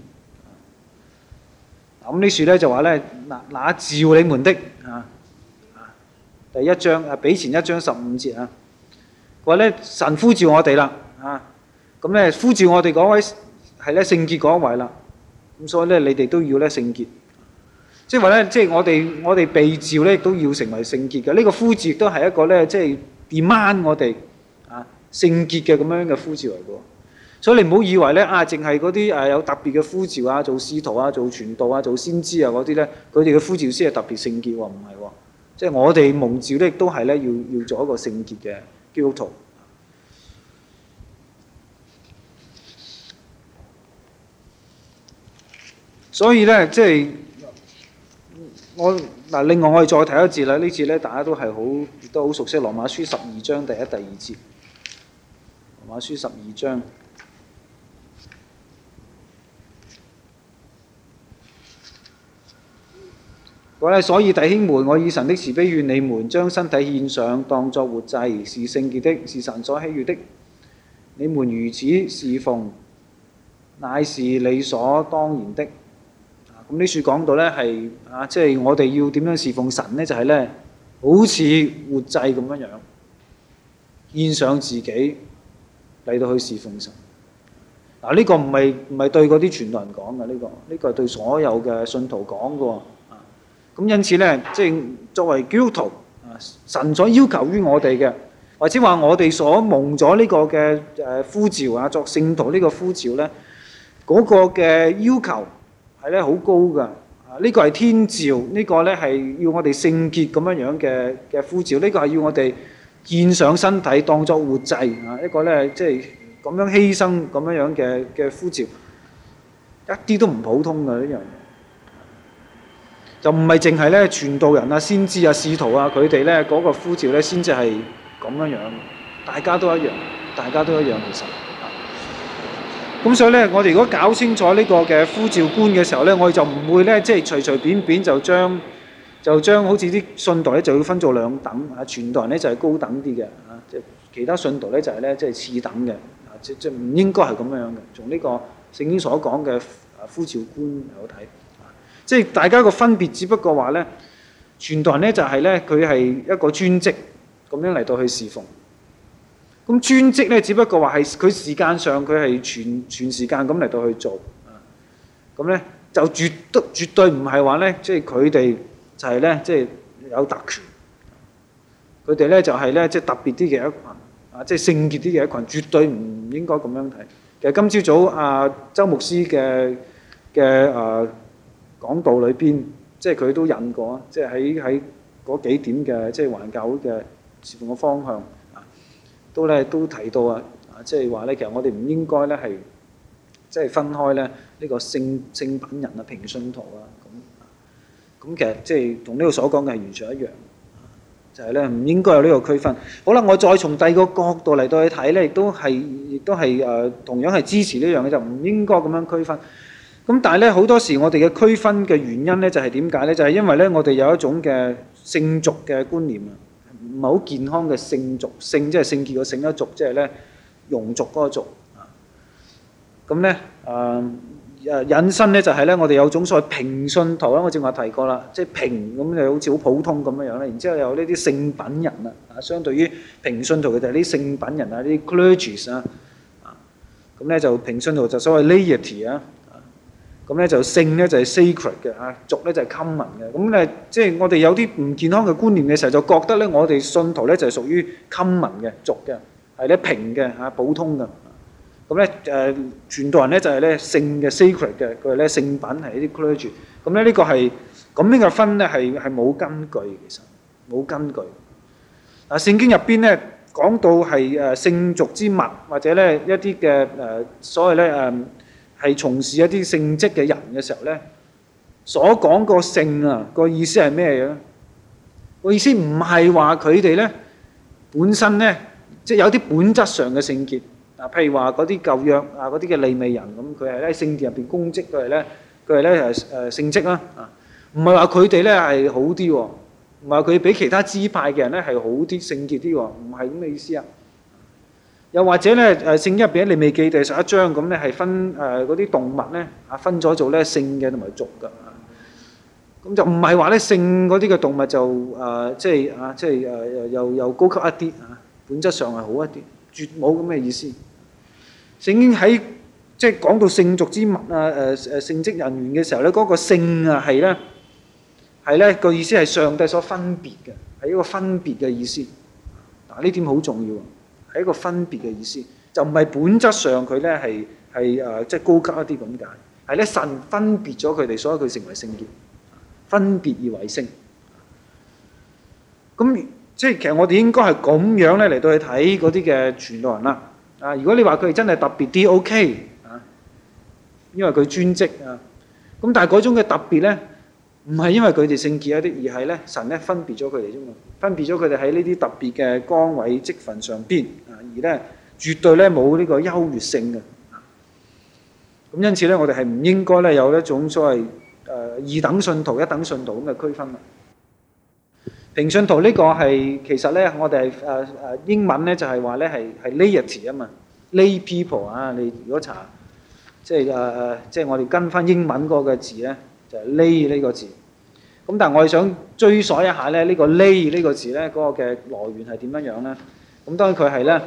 咁呢節呢，就話呢，那召你們的啊，第一章啊，彼前一章十五節啊，話呢，神呼召我哋啦，啊，咁呢，呼召我哋嗰位係呢聖潔嗰位啦。咁所以咧，你哋都要咧聖潔，就是，即係話咧，即係我哋我哋被召咧，亦都要成為聖潔嘅。呢、這個呼召亦都係一個咧，即、就、係、是、Demand 我哋啊聖潔嘅咁樣嘅呼召嚟嘅。所以你唔好以為咧啊，淨係嗰啲誒有特別嘅呼召啊，做使徒啊，做傳道啊，做先知啊嗰啲咧，佢哋嘅呼召先係特別聖潔喎，唔係喎。即、就、係、是、我哋蒙召咧，亦都係咧要要做一個聖潔嘅基督徒。所以呢，即係我嗱，另外我哋再睇一次啦。呢次呢，大家都係好亦都好熟悉《羅馬書》十二章第一、第二節。《羅馬書》十二章，我咧。所以弟兄們，我以神的慈悲勸你們，將身體獻上，當作活祭，是聖潔的，是神所喜悅的。你們如此侍奉，乃是理所當然的。咁呢處講到咧係啊，即係我哋要點樣侍奉神咧？就係咧，好似活祭咁樣樣，獻上自己嚟到去侍奉神。嗱，呢個唔係唔係對嗰啲傳道人講嘅，呢個呢個係對所有嘅信徒講嘅。啊，咁因此咧，即係作為基督徒啊，神所要求於我哋嘅，或者話我哋所蒙咗呢個嘅誒呼召啊，作聖徒呢個呼召咧，嗰個嘅要求。係咧，好高㗎！啊，呢個係天照，呢個咧係要我哋聖潔咁樣樣嘅嘅呼召，呢個係要我哋獻上身體當作活祭啊！一個咧即係咁樣犧牲咁樣樣嘅嘅呼召，一啲都唔普通㗎呢樣，就唔係淨係咧傳道人啊、先知啊、使徒啊，佢哋咧嗰個呼召咧先至係咁樣樣，大家都一樣，大家都一樣其實。咁所以咧，我哋如果搞清楚呢個嘅呼召觀嘅時候咧，我哋就唔會咧，即係隨隨便便就將就將好似啲信徒咧，就要分做兩等嚇，傳道人咧就係高等啲嘅嚇，即係其他信徒咧就係咧即係次等嘅，即即唔應該係咁樣嘅。從呢個聖經所講嘅呼召觀嚟睇，即係大家個分別，只不過話咧，傳道人咧就係咧，佢係一個專職咁樣嚟到去侍奉。咁專職咧，只不過話係佢時間上佢係全全時間咁嚟到去做啊，咁咧就絕對絕對唔係話咧，即係佢哋就係咧，即係有特權，佢哋咧就係咧，即係特別啲嘅一群啊，即係聖潔啲嘅一群，絕對唔應該咁樣睇。其實今朝早阿周牧師嘅嘅誒講道裏邊，即係佢都引過啊，即係喺喺嗰幾點嘅即係環教會嘅事奉嘅方向。都咧都提到啊，啊即係話咧，其實我哋唔應該咧係即係分開咧呢個聖聖、聖品人啊、平信徒啊，咁咁其實即係同呢個所講嘅係完全一樣，就係咧唔應該有呢個區分。好啦，我再從第二個角度嚟到去睇咧，亦都係亦都係誒同樣係支持呢樣嘅，就唔應該咁樣區分。咁但係咧好多時我哋嘅區分嘅原因咧就係點解咧？就係、是、因為咧我哋有一種嘅聖俗嘅觀念啊。唔係好健康嘅聖俗，聖即係聖潔個聖，俗，即係咧庸俗嗰個俗啊。咁咧誒誒引申咧就係咧，我哋有種所謂平信徒啦，我正話提過啦，即係平咁就好似好普通咁樣樣咧。然之後有呢啲聖品人啊，啊，相對於平信徒嘅就係啲聖品人 ges，啊，啲 clergies 啊，啊，咁咧就平信徒就所謂 laity 啊。咁咧就聖咧就係 sacred 嘅嚇，俗咧就係 common 嘅。咁咧即係我哋有啲唔健康嘅觀念嘅時候，就覺得咧我哋信徒咧就係屬於 common 嘅俗嘅，係咧平嘅嚇普通嘅。咁咧誒，傳道人咧就係咧聖嘅 sacred 嘅，佢哋咧聖品係一啲 clergy。咁咧呢個係咁呢個分咧係係冇根據其實冇根據。啊，聖經入邊咧講到係誒聖俗之物，或者咧一啲嘅誒所謂咧誒。係從事一啲聖職嘅人嘅時候咧，所講個聖啊，個意思係咩嘢？個意思唔係話佢哋咧本身咧，即係有啲本質上嘅聖潔啊，譬如話嗰啲舊約啊，嗰啲嘅利未人咁，佢係喺聖殿入邊供職，佢係咧，佢係咧誒誒聖職啦啊，唔係話佢哋咧係好啲喎，唔係話佢比其他支派嘅人咧係好啲聖潔啲喎，唔係咁嘅意思啊。又或者咧，誒聖經入邊咧，利未記第十一章咁咧，係分誒嗰啲動物咧，啊分咗做咧聖嘅同埋俗嘅。咁就唔係話咧，聖嗰啲嘅動物就誒即係啊，即係誒又又又高級一啲啊，本質上係好一啲，絕冇咁嘅意思。聖經喺即係講到聖俗之物啊，誒誒聖職人員嘅時候咧，嗰個聖啊係咧係咧個意思係上帝所分別嘅，係一個分別嘅意思。嗱，呢點好重要。係一個分別嘅意思，就唔係本質上佢咧係係誒即係高級一啲咁解，係咧神分別咗佢哋，所以佢成為聖潔，分別而為聖。咁即係其實我哋應該係咁樣咧嚟到去睇嗰啲嘅傳道人啦。啊，如果你話佢哋真係特別啲，OK 啊，因為佢專職啊。咁但係嗰種嘅特別咧，唔係因為佢哋聖潔一啲，而係咧神咧分別咗佢哋啫嘛，分別咗佢哋喺呢啲特別嘅崗位職份上邊。而咧絕對咧冇呢個優越性嘅，咁因此咧，我哋係唔應該咧有一種所謂誒二等信徒、一等信徒咁嘅區分啦。平信徒呢個係其實咧，我哋係誒誒英文咧就係話咧係係 lay 字啊嘛，lay people 啊，你如果查即係誒即係我哋跟翻英文嗰個字咧，就係 lay 呢個字。咁但係我哋想追溯一下咧，呢個 lay 呢個字咧嗰個嘅來源係點樣樣咧？咁當然佢係咧。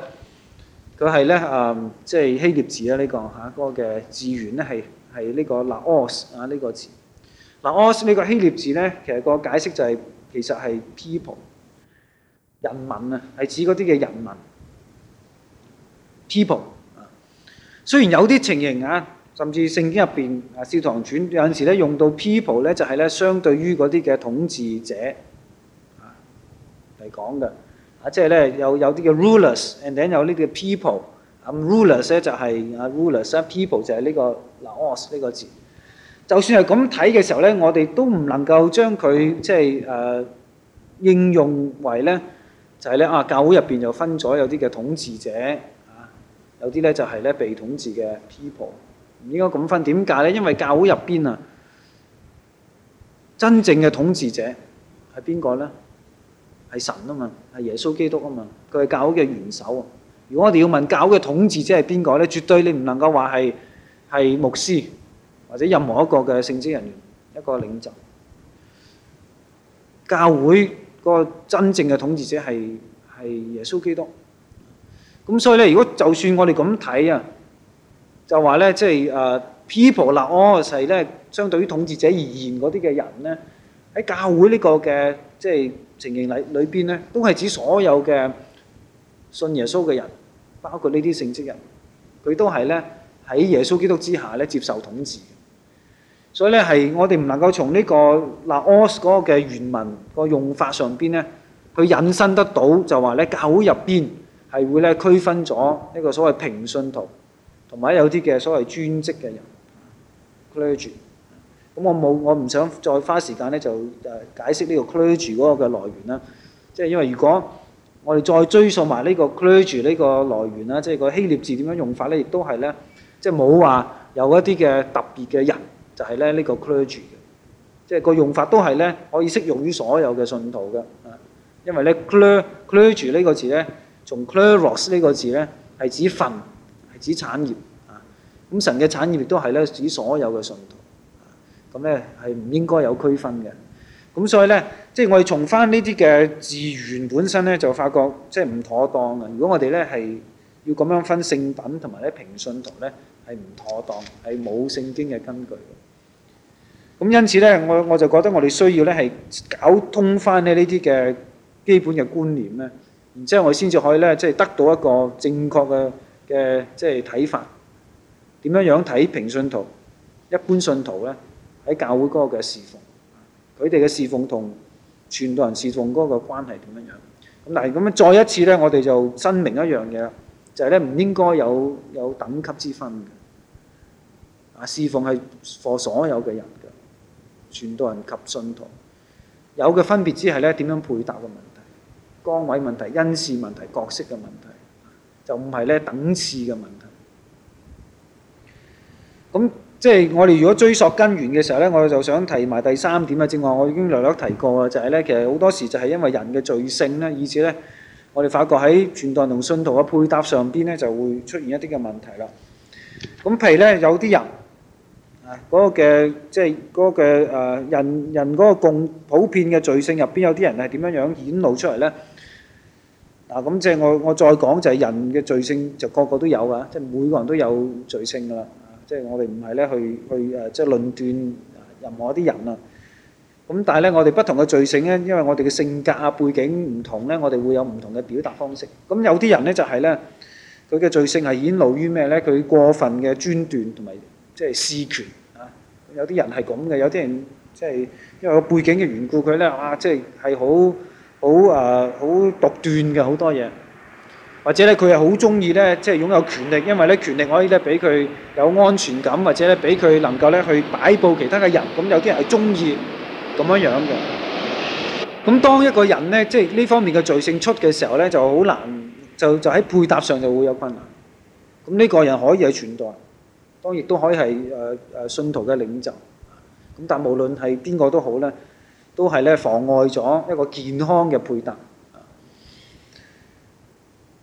佢係咧誒，即係希臘字啦，呢、這個嚇，嗰個嘅字源咧係係呢個 laos 啊，呢個字 laos 呢個希臘字咧，其實個解釋就係、是、其實係 people 人民啊，係指嗰啲嘅人民 people，啊。雖然有啲情形啊，甚至聖經入邊啊，使徒行傳有陣時咧用到 people 咧，就係咧相對於嗰啲嘅統治者嚟講嘅。啊啊，即係咧有 rulers, and then 有啲嘅 rulers，and 有呢啲嘅 people、um,。咁 rulers 咧就係啊 rulers，咁、uh, people 就係呢個嗱 laos 呢個字。就算係咁睇嘅時候咧，我哋都唔能夠將佢即係誒、uh, 應用為咧就係咧啊教會入邊就分咗有啲嘅統治者啊，有啲咧就係咧被統治嘅 people。唔應該咁分，點解咧？因為教會入邊啊，真正嘅統治者係邊個咧？係神啊嘛。係耶穌基督啊嘛，佢係教會嘅元首。如果我哋要問教會嘅統治者係邊個咧，絕對你唔能夠話係係牧師，或者任何一個嘅聖職人員、一個領袖。教會個真正嘅統治者係係耶穌基督。咁所以咧，如果就算我哋咁睇啊，就話咧，即係誒 people 立安係咧，相對於統治者而言嗰啲嘅人咧。喺教會呢個嘅即係情形裏裏邊咧，都係指所有嘅信耶穌嘅人，包括呢啲聖職人，佢都係咧喺耶穌基督之下咧接受統治。所以咧係我哋唔能夠從呢個 Laos 嗰個嘅原文個用法上邊咧，去引申得到就話咧教會入邊係會咧區分咗呢個所謂平信徒，同埋有啲嘅所謂專職嘅人。咁我冇，我唔想再花時間咧，就誒解釋呢個 clergy 嗰個嘅來源啦。即係因為如果我哋再追溯埋呢個 clergy 呢個來源啦，即係個希臘字點樣用法咧，亦都係咧，即係冇話有一啲嘅特別嘅人就，就係咧呢個 clergy 嘅。即係個用法都係咧，可以適用於所有嘅信徒嘅。啊，因為咧 clergy 呢個字咧，從 cleros 呢個字咧係指份，係指產業啊，咁神嘅產業亦都係咧指所有嘅信徒。咁咧係唔應該有區分嘅，咁所以咧，即係我哋從翻呢啲嘅字源本身咧，就發覺即係唔妥當嘅。如果我哋咧係要咁樣分聖品同埋咧平信徒咧，係唔妥當，係冇聖經嘅根據。咁因此咧，我我就覺得我哋需要咧係搞通翻咧呢啲嘅基本嘅觀念咧，然之後我哋先至可以咧即係得到一個正確嘅嘅即係睇法，點樣樣睇平信徒、一般信徒咧？喺教會嗰個嘅侍奉，佢哋嘅侍奉同傳道人侍奉嗰個關係點樣樣？咁但係咁樣再一次咧，我哋就申明一樣嘢，就係咧唔應該有有等級之分嘅。啊，侍奉係服所有嘅人嘅，傳道人及信徒有嘅分別只係咧點樣配搭嘅問題、崗位問題、恩賜問題、角色嘅問題，就唔係咧等次嘅問題。咁即係我哋如果追索根源嘅時候咧，我就想提埋第三點啊。正話，我已經略略提過啦，就係、是、咧，其實好多時就係因為人嘅罪性咧，以至咧，我哋發覺喺傳道同信徒嘅配搭上邊咧，就會出現一啲嘅問題啦。咁譬如咧，有啲人啊，嗰、那個嘅即係嗰、那個嘅誒人人嗰個共普遍嘅罪性入邊，有啲人係點樣樣顯露出嚟咧？嗱，咁即係我我再講就係人嘅罪性，就個個都有㗎，即係每個人都有罪性㗎啦。即係我哋唔係咧去去誒，即係論斷任何一啲人啊。咁但係咧，我哋不同嘅罪性咧，因為我哋嘅性格啊、背景唔同咧，我哋會有唔同嘅表達方式。咁有啲人咧就係咧，佢嘅罪性係顯露於咩咧？佢過分嘅專斷同埋即係私權啊。有啲人係咁嘅，有啲人即係因為個背景嘅緣故，佢咧哇，即係係好好啊，好獨斷嘅好多嘢。或者咧佢係好中意咧，即係擁有權力，因為咧權力可以咧俾佢有安全感，或者咧俾佢能夠咧去擺佈其他嘅人。咁有啲人係中意咁樣樣嘅。咁當一個人咧，即係呢方面嘅罪性出嘅時候咧，就好難，就就喺配搭上就會有困難。咁呢個人可以係傳道，當然都可以係誒誒信徒嘅領袖。咁但無論係邊個都好咧，都係咧妨礙咗一個健康嘅配搭。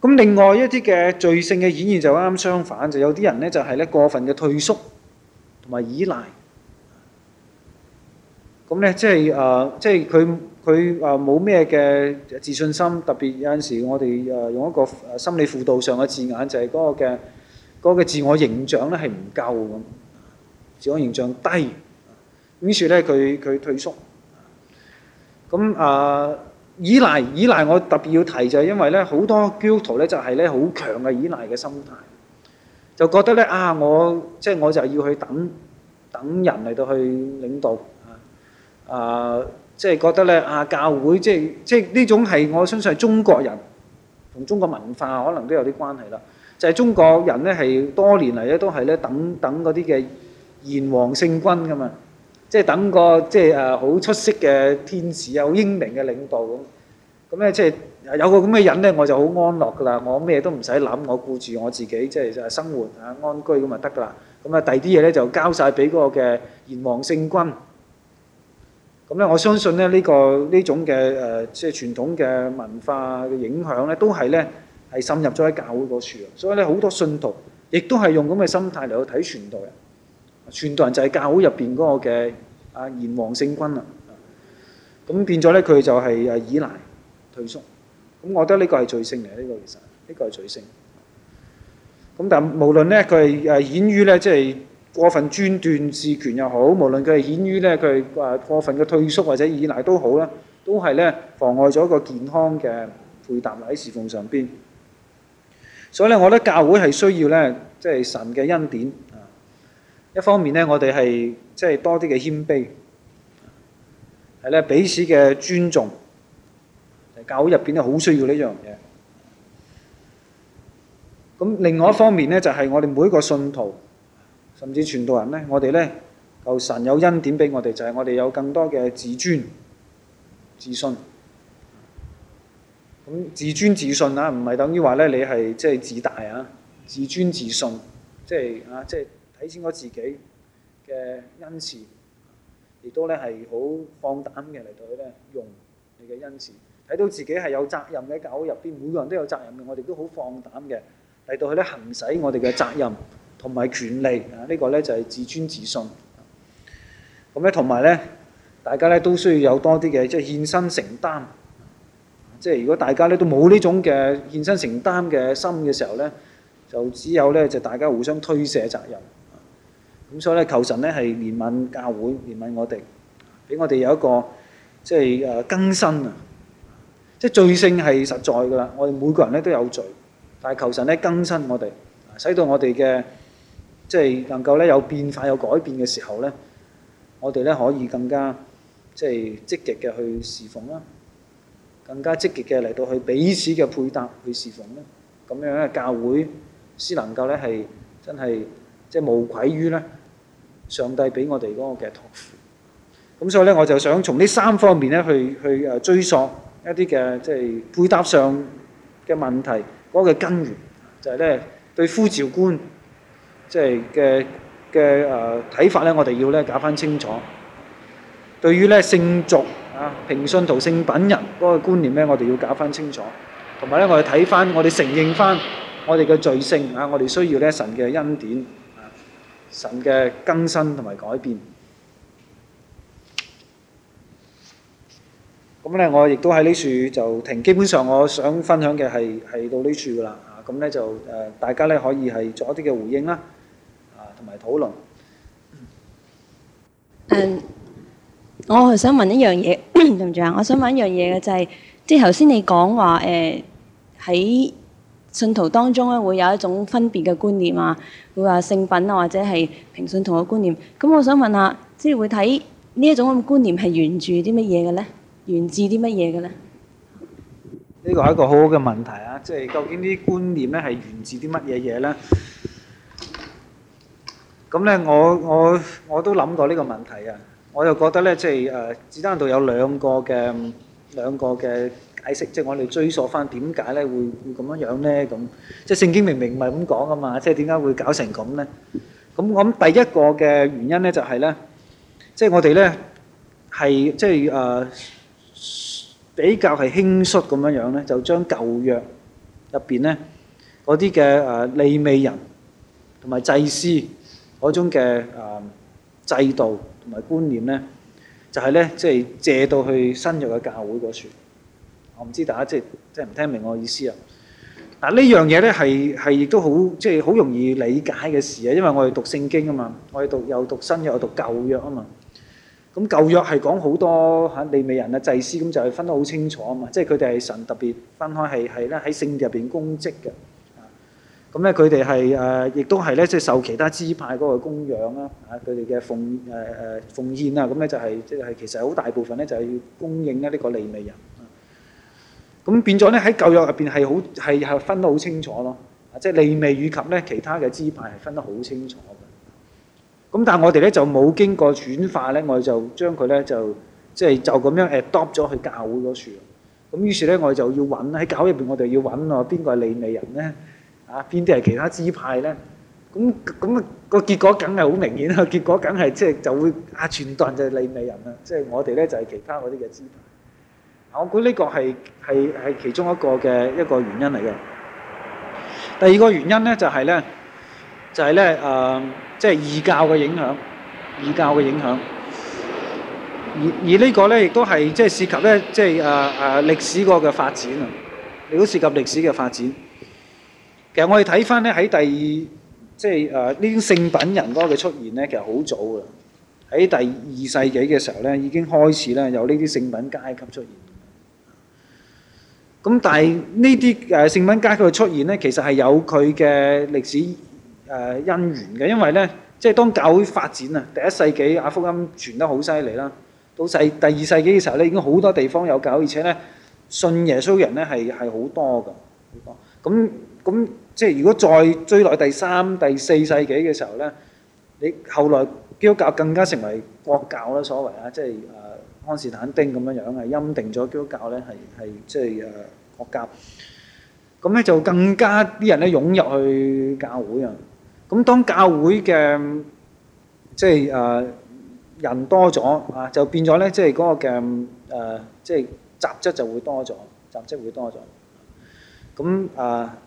咁另外一啲嘅罪性嘅演繹就啱啱相反，就有啲人咧就係咧過分嘅退縮同埋依賴。咁咧即係誒，即係佢佢誒冇咩嘅自信心，特別有陣時我哋誒用一個心理輔導上嘅字眼，就係嗰個嘅嗰個自我形象咧係唔夠咁，自我形象低，於是咧佢佢退縮。咁誒。依賴依賴，我特別要提就係因為咧，好多基督徒咧就係咧好強嘅依賴嘅心態，就覺得咧啊，我即係、就是、我就要去等等人嚟到去領導啊，即、就、係、是、覺得咧啊，教會即係即係呢種係我相信中國人同中國文化可能都有啲關係啦，就係、是、中國人咧係多年嚟咧都係咧等等嗰啲嘅炎黃聖君㗎嘛。即係等個即係誒好出色嘅天使啊，好英明嘅領導咁，咁咧即係有個咁嘅人咧，我就好安樂㗎啦，我咩都唔使諗，我顧住我自己即係誒生活啊安居咁就得㗎啦。咁啊第二啲嘢咧就交曬俾嗰個嘅炎黃聖君。咁咧我相信咧呢個呢種嘅誒即係傳統嘅文化嘅影響咧，都係咧係滲入咗喺教會嗰處啊。所以咧好多信徒亦都係用咁嘅心態嚟去睇傳道人。傳道人就係教會入邊嗰個嘅啊炎黃聖君啦，咁變咗咧佢就係啊倚賴、退縮，咁我覺得呢個係罪性嘅呢個其實，呢個係罪性。咁但係無論咧佢係誒顯於咧即係過分專斷事權又好，無論佢係顯於咧佢誒過分嘅退縮或者倚賴都好啦，都係咧妨礙咗一個健康嘅配搭喺事奉上邊。所以咧我覺得教會係需要咧即係神嘅恩典。一方面咧，我哋係即係多啲嘅謙卑，係咧彼此嘅尊重，就是、教會入邊咧好需要呢樣嘢。咁另外一方面咧，就係、是、我哋每一個信徒，甚至傳道人咧，我哋咧求神有恩典俾我哋，就係、是、我哋有更多嘅自尊、自信。咁自尊自信啊，唔係等於話咧你係即係自大啊？自尊自信，即係啊，即係。睇清楚自己嘅恩賜，亦都咧係好放膽嘅嚟到去咧用你嘅恩賜，睇到自己係有責任嘅教會入邊，每個人都有責任嘅，我哋都好放膽嘅嚟到去咧行使我哋嘅責任同埋權利啊！呢個咧就係自尊自信。咁咧，同埋咧，大家咧都需要有多啲嘅即係獻身承擔。即係如果大家咧都冇呢種嘅獻身承擔嘅心嘅時候咧，就只有咧就大家互相推卸責任。咁所以咧，求神咧係憐憫教會，憐憫我哋，俾我哋有一個即係誒更新啊！即係罪性係實在㗎啦，我哋每個人咧都有罪，但係求神咧更新我哋，使到我哋嘅即係能夠咧有變化、有改變嘅時候咧，我哋咧可以更加即係積極嘅去侍奉啦，更加積極嘅嚟到去彼此嘅配搭去侍奉啦，咁樣嘅教會先能夠咧係真係即係無愧於咧，上帝俾我哋嗰個嘅託付，咁所以咧，我就想從呢三方面咧去去誒追索一啲嘅即係配搭上嘅問題嗰個根源，就係咧對呼召觀，即係嘅嘅誒睇法咧，我哋要咧搞翻清楚。對於咧聖俗啊，平信徒同聖品人嗰個觀念咧，我哋要搞翻清楚。同埋咧，我哋睇翻，我哋承認翻我哋嘅罪性啊，我哋需要咧神嘅恩典。神嘅更新同埋改變，咁咧我亦都喺呢處就停。基本上，我想分享嘅係係到呢處噶啦。啊，咁咧就誒，大家咧可以係作一啲嘅回應啦，啊，同埋討論。嗯，我係想問一樣嘢，林長，我想問一樣嘢嘅就係，即係頭先你講話誒喺。信徒當中咧會有一種分別嘅觀念啊，會話聖品啊，或者係平信徒嘅觀念。咁我想問下，即係會睇呢一種觀念係源自啲乜嘢嘅咧？源自啲乜嘢嘅咧？呢個係一個好好嘅問題啊！即係究竟啲觀念咧係源自啲乜嘢嘢咧？咁咧，我我我都諗過呢個問題啊！我又覺得咧，即係誒，只單道有兩個嘅兩個嘅。解釋即係我哋追溯翻點解咧會會咁樣樣咧，咁，即係聖經明明唔係咁講啊嘛，即係點解會搞成咁咧？咁我諗第一個嘅原因咧就係、是、咧，即係我哋咧係即係誒、呃、比較係輕率咁樣樣咧，就將舊約入邊咧嗰啲嘅誒利未人同埋祭司嗰種嘅誒制度同埋觀念咧，就係咧即係借到去新約嘅教會嗰處。我唔知大家即係即係唔聽明我嘅意思啊！嗱，呢樣嘢咧係係亦都好即係好容易理解嘅事啊，因為我哋讀聖經啊嘛，我哋讀又讀新又讀舊約啊嘛。咁舊約係講好多嚇利未人啊祭司，咁就係分得好清楚啊嘛，即係佢哋係神特別分開係係咧喺聖殿入邊供職嘅。咁咧佢哋係誒亦都係咧即係受其他支派嗰個供養啦，嚇佢哋嘅奉誒誒奉獻啊，咁咧就係即係其實好大部分咧就係要供應咧呢個利未人。咁變咗咧喺教育入邊係好係係分得好清楚咯，啊即係利未以及咧其他嘅支派係分得好清楚嘅。咁但係我哋咧就冇經過轉化咧，我哋就將佢咧就即係就咁樣 adopt 咗去教會處。咁於是咧我哋就要揾喺教會入邊我哋要揾啊邊個係利未人咧？啊邊啲係其他支派咧？咁咁個結果梗係好明顯啦。結果梗係即係就會啊全代人就係利未人啦，即係我哋咧就係其他嗰啲嘅支派。我估呢個係係係其中一個嘅一個原因嚟嘅。第二個原因咧就係咧，就係咧誒，即係異教嘅影響，異教嘅影響。而而呢個咧亦都係即係涉及咧即係誒誒歷史個嘅發展啊！亦都涉及歷史嘅發展。其實我哋睇翻咧喺第即係誒呢啲聖品人多嘅出現咧，其實好早噶啦。喺第二世紀嘅時候咧，已經開始啦有呢啲聖品階級出現。咁但係呢啲誒聖品階級嘅出現咧，其實係有佢嘅歷史誒因緣嘅，因為咧，即係當教會發展啊，第一世紀阿福音傳得好犀利啦，到世第二世紀嘅時候咧，已經好多地方有教，而且咧信耶穌人咧係係好多㗎，好多。咁咁即係如果再追落第三、第四世紀嘅時候咧，你後來基督教更加成為國教啦，所謂啊，即係誒。康士坦丁咁樣樣係欽定咗基督教咧，係係即係誒國教咁咧，就更加啲人咧湧入去教會啊。咁當教會嘅即係誒人多咗啊，就變咗咧，即係嗰個嘅誒，即係雜質就會多咗，雜質會多咗。咁啊，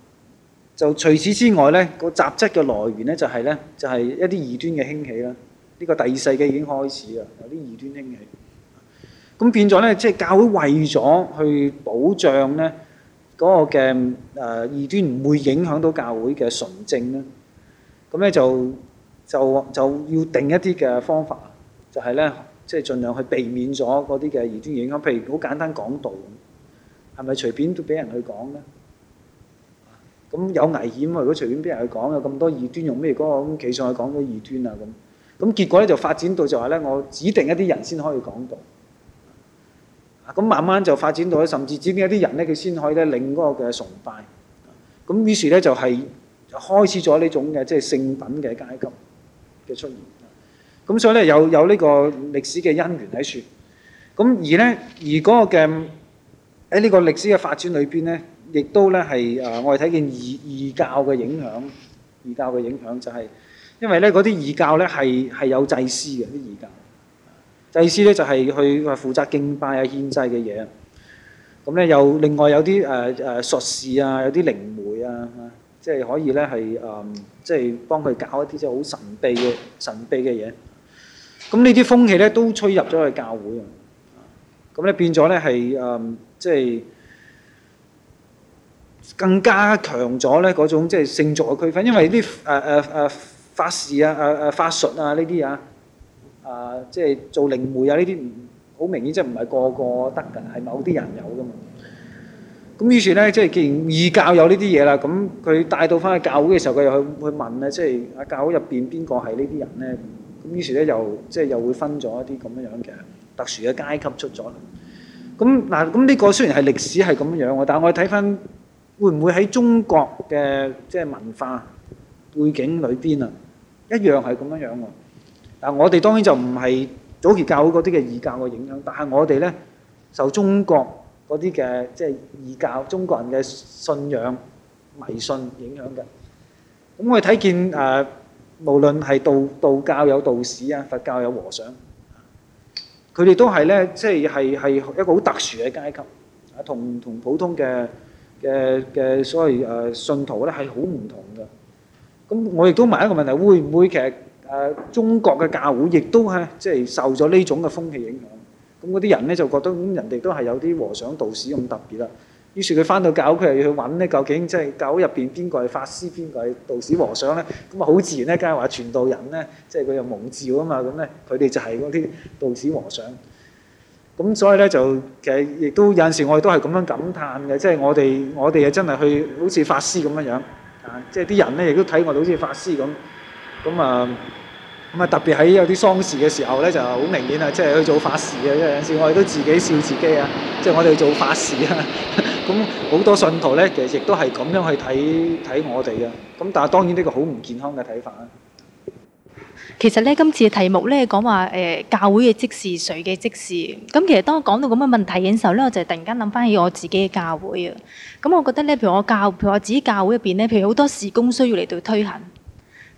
就除此之外咧，個雜質嘅來源咧，就係咧，就係一啲異端嘅興起啦。呢個第二世紀已經開始啦，有啲異端興起。咁變咗咧，即係教會為咗去保障咧嗰個嘅誒異端唔會影響到教會嘅純正咧，咁咧就就就要定一啲嘅方法，就係咧即係儘量去避免咗嗰啲嘅異端影響。譬如好簡單講道，係咪隨便都俾人去講咧？咁有危險喎！如果隨便俾人去講，有咁多異端用咩個咁企上去講啲異端啊咁，咁結果咧就發展到就話咧，我指定一啲人先可以講道。咁慢慢就發展到咧，甚至指邊有啲人咧，佢先可以咧領嗰個嘅崇拜。咁於是咧就係開始咗呢種嘅即係聖品嘅階級嘅出現。咁所以咧有有呢個歷史嘅因緣喺處。咁而咧而嗰個嘅喺呢個歷史嘅發展裏邊咧，亦都咧係啊，我哋睇見異異教嘅影響，異教嘅影響就係、是、因為咧嗰啲異教咧係係有祭司嘅啲異教。祭師咧就係去負責敬拜啊、獻祭嘅嘢，咁咧又另外有啲誒誒術士啊、有啲靈媒啊，即係可以咧係誒，即係幫佢搞一啲即係好神秘嘅神秘嘅嘢。咁呢啲風氣咧都吹入咗去教會，咁、嗯、咧變咗咧係誒，即係更加強咗咧嗰種即係聖俗嘅區分，因為啲誒誒誒法事啊、誒、啊、誒、啊法、啊啊啊、法術啊呢啲啊。啊，即係做靈媒啊！呢啲唔好明顯，即係唔係個個得㗎，係某啲人有㗎嘛。咁於是呢，即係既然義教有呢啲嘢啦，咁佢帶到翻去教會嘅時候，佢又去去問呢，即係啊教會入邊邊個係呢啲人呢？咁於是呢，又即係又會分咗一啲咁樣嘅特殊嘅階級出咗嚟。咁嗱，咁呢個雖然係歷史係咁樣，但係我睇翻會唔會喺中國嘅即係文化背景裏邊啊，一樣係咁樣樣。啊！我哋當然就唔係早期教會嗰啲嘅異教嘅影響，但係我哋咧受中國嗰啲嘅即係異教中國人嘅信仰迷信影響嘅。咁我哋睇見誒，無論係道道教有道士啊，佛教有和尚，佢哋都係咧即係係係一個好特殊嘅階級啊，同同普通嘅嘅嘅所謂誒信徒咧係好唔同嘅。咁我亦都問一個問題：會唔會其實？誒、呃，中國嘅教會亦都係即係受咗呢種嘅風氣影響，咁嗰啲人咧就覺得咁人哋都係有啲和尚、道士咁特別啦。於是佢翻到教會，佢又要揾咧究竟即係教會入邊邊個係法師、邊個係道士、和尚咧？咁啊，好自然咧，梗係話傳道人咧，即係佢又蒙召啊嘛，咁咧佢哋就係嗰啲道士、和尚。咁所以咧就其實亦都有陣時我、就是我，我哋都係咁樣感嘆嘅，即係我哋我哋啊真係去好似法師咁樣，啊，即係啲人咧亦都睇我哋好似法師咁。咁啊，咁啊、嗯，特別喺有啲喪事嘅時候咧，就好明顯啊，即係去做法事嘅。即係有陣時，我哋都自己笑自己啊，即、就、係、是、我哋去做法事啊。咁 好、嗯、多信徒咧，其實亦都係咁樣去睇睇我哋嘅、啊。咁但係當然呢個好唔健康嘅睇法啊。其實咧，今次嘅題目咧講話誒、欸、教會嘅職事誰嘅職事？咁、嗯、其實當講到咁嘅問題嘅時候咧，我就突然間諗翻起我自己嘅教會啊。咁、嗯、我覺得咧，譬如我教，譬如我自己教會入邊咧，譬如好多事工需要嚟到推行。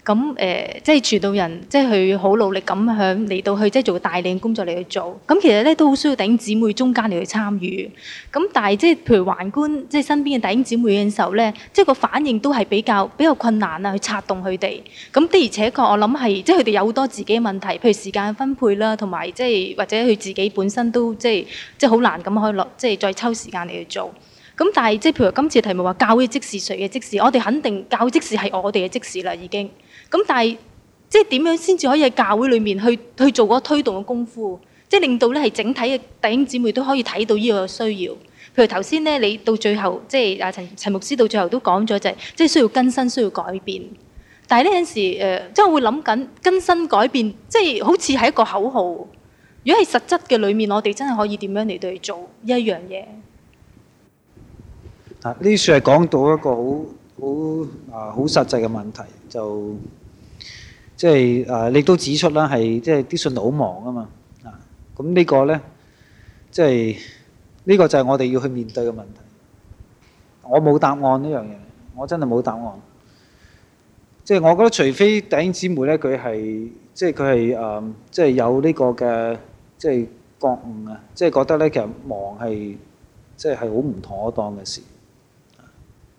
咁誒、呃，即係傳道人，即係佢好努力咁響嚟到去，即係做帶領工作嚟去做。咁其實咧都好需要弟兄姊妹中間嚟去參與。咁但係即係譬如環觀，即係身邊嘅弟兄姊妹嘅時候咧，即係個反應都係比較比較困難啊，去策動佢哋。咁的而且確我，我諗係即係佢哋有好多自己嘅問題，譬如時間分配啦，同埋即係或者佢自己本身都即係即係好難咁可以落，即係再抽時間嚟去做。咁但係即係譬如今次嘅題目話教會職事，誰嘅職事？我哋肯定教會職事係我哋嘅職事啦，已經。咁但係，即係點樣先至可以喺教會裏面去去做嗰推動嘅功夫？即係令到咧係整體嘅弟兄姊妹都可以睇到呢個需要。譬如頭先咧，你到最後，即係阿陳陳牧師到最後都講咗、就是，就係即係需要更新，需要改變。但係呢陣時誒、呃，即係我會諗緊更新改變，即係好似係一個口號。如果係實質嘅裏面，我哋真係可以點樣嚟到去做呢一樣嘢？啊，呢處係講到一個好好啊好實際嘅問題就。即係誒，你、呃、都指出啦，係即係啲信徒好忙啊嘛，啊，咁、嗯這個、呢個咧，即係呢、這個就係我哋要去面對嘅問題。我冇答案呢樣嘢，我真係冇答案。即係我覺得，除非弟兄姊妹咧，佢係即係佢係誒，即係有呢個嘅即係覺悟啊，即係、呃、覺、覺得咧，其實忙係即係係好唔妥當嘅事。啊、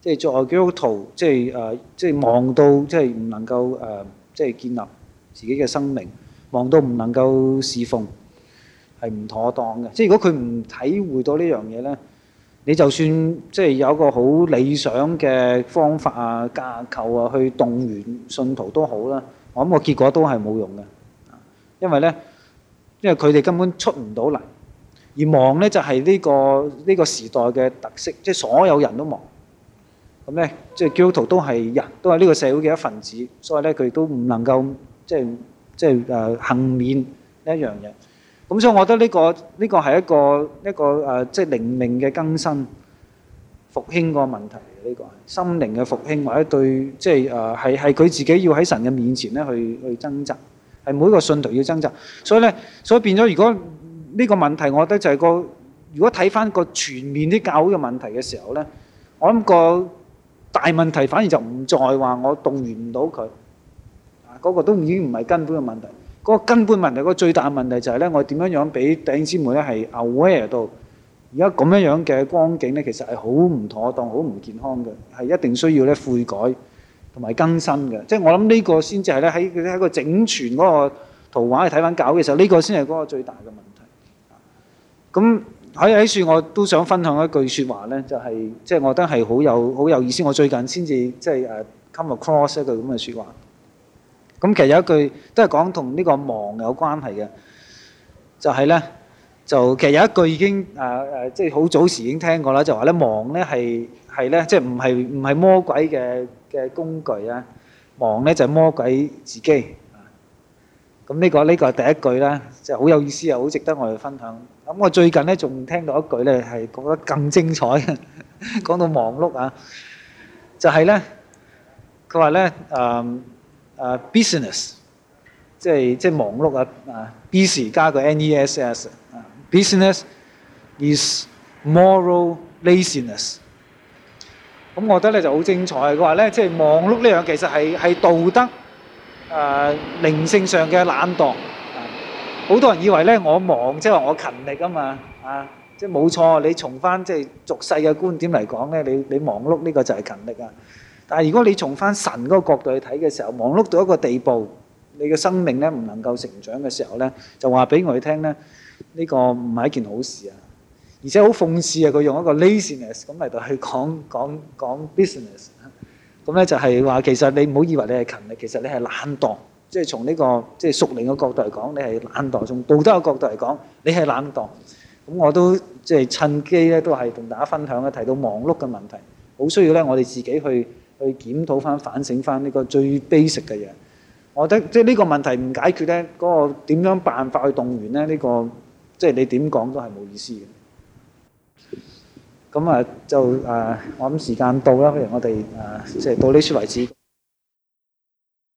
即係作為基督徒，即係誒、呃，即係忙到即係唔能夠誒。呃即係建立自己嘅生命，忙到唔能夠侍奉，係唔妥當嘅。即係如果佢唔體會到呢樣嘢呢，你就算即係有一個好理想嘅方法啊、架構啊去動員信徒都好啦，我諗個結果都係冇用嘅，因為呢，因為佢哋根本出唔到嚟，而忙呢，就係呢個呢個時代嘅特色，即係所有人都忙。咁咧，即係基督徒都係人，都係呢個社會嘅一份子，所以咧佢都唔能夠即係即係誒幸免呢一樣嘢。咁所以，我覺得呢個呢個係一個一個誒，即係靈命嘅更新復興個問題。呢個係心靈嘅復興，或者對即係誒係係佢自己要喺神嘅面前咧去去掙扎，係每一個信徒要掙扎。所以咧，所以變咗，如果呢個問題，我覺得就係個如果睇翻個全面啲教會嘅問題嘅時候咧，我諗個。大問題反而就唔再話我動員唔到佢，嗱、那、嗰個都已經唔係根本嘅問題。嗰、那個根本問題，嗰、那個最大嘅問題就係咧，我點樣樣俾弟兄姊妹咧係 aware 到？而家咁樣樣嘅光景咧，其實係好唔妥當、好唔健康嘅，係一定需要咧悔改同埋更新嘅。即係我諗呢個先至係咧喺喺個整全嗰個圖畫嘅睇返搞嘅時候，呢、這個先係嗰個最大嘅問題。咁。喺喺處我都想分享一句説話咧，就係即係我覺得係好有好有意思，我最近先至即係誒 come across 一句咁嘅説話。咁其實有一句都係講同呢個忙有關係嘅，就係咧就其實有一句已經誒誒即係好早時已經聽過啦，就話咧忙咧係係咧即係唔係唔係魔鬼嘅嘅工具啊，忙咧就係魔鬼自己。咁呢個呢個係第一句啦，就係好有意思呀，好值得我哋分享。咁我最近咧仲聽到一句咧係覺得更精彩嘅，講到忙碌啊，就係咧佢話咧誒誒 business，即係即係忙碌啊啊 busy 加個 n e s s 啊 business is moral laziness。咁我覺得咧就好精彩，佢話咧即係忙碌呢樣其實係係道德。誒、呃、靈性上嘅懶惰，好、嗯、多人以為咧我忙，即係話我勤力啊嘛，啊、嗯，即係冇錯，你從翻即係俗世嘅觀點嚟講咧，你你忙碌呢個就係勤力啊。但係如果你從翻神嗰個角度去睇嘅時候，忙碌到一個地步，你嘅生命咧唔能夠成長嘅時候咧，就話俾我哋聽咧，呢、這個唔係一件好事啊。而且好諷刺啊，佢用一個 laziness，咁嚟到去講講講 business。咁咧就係話，其實你唔好以為你係勤力，其實你係懶惰。即係從呢個即係熟練嘅角度嚟講，你係懶惰；從道德嘅角度嚟講，你係懶惰。咁我都即係趁機咧，都係同大家分享啦。提到忙碌嘅問題，好需要咧，我哋自己去去檢討翻、反省翻呢個最 basic 嘅嘢。我覺得即係呢個問題唔解決咧，嗰個點樣辦法去動員咧？呢個即係你點講都係冇意思嘅。咁啊、嗯，就誒、呃，我諗時間到啦，不如我哋誒、呃，即係到呢處為止。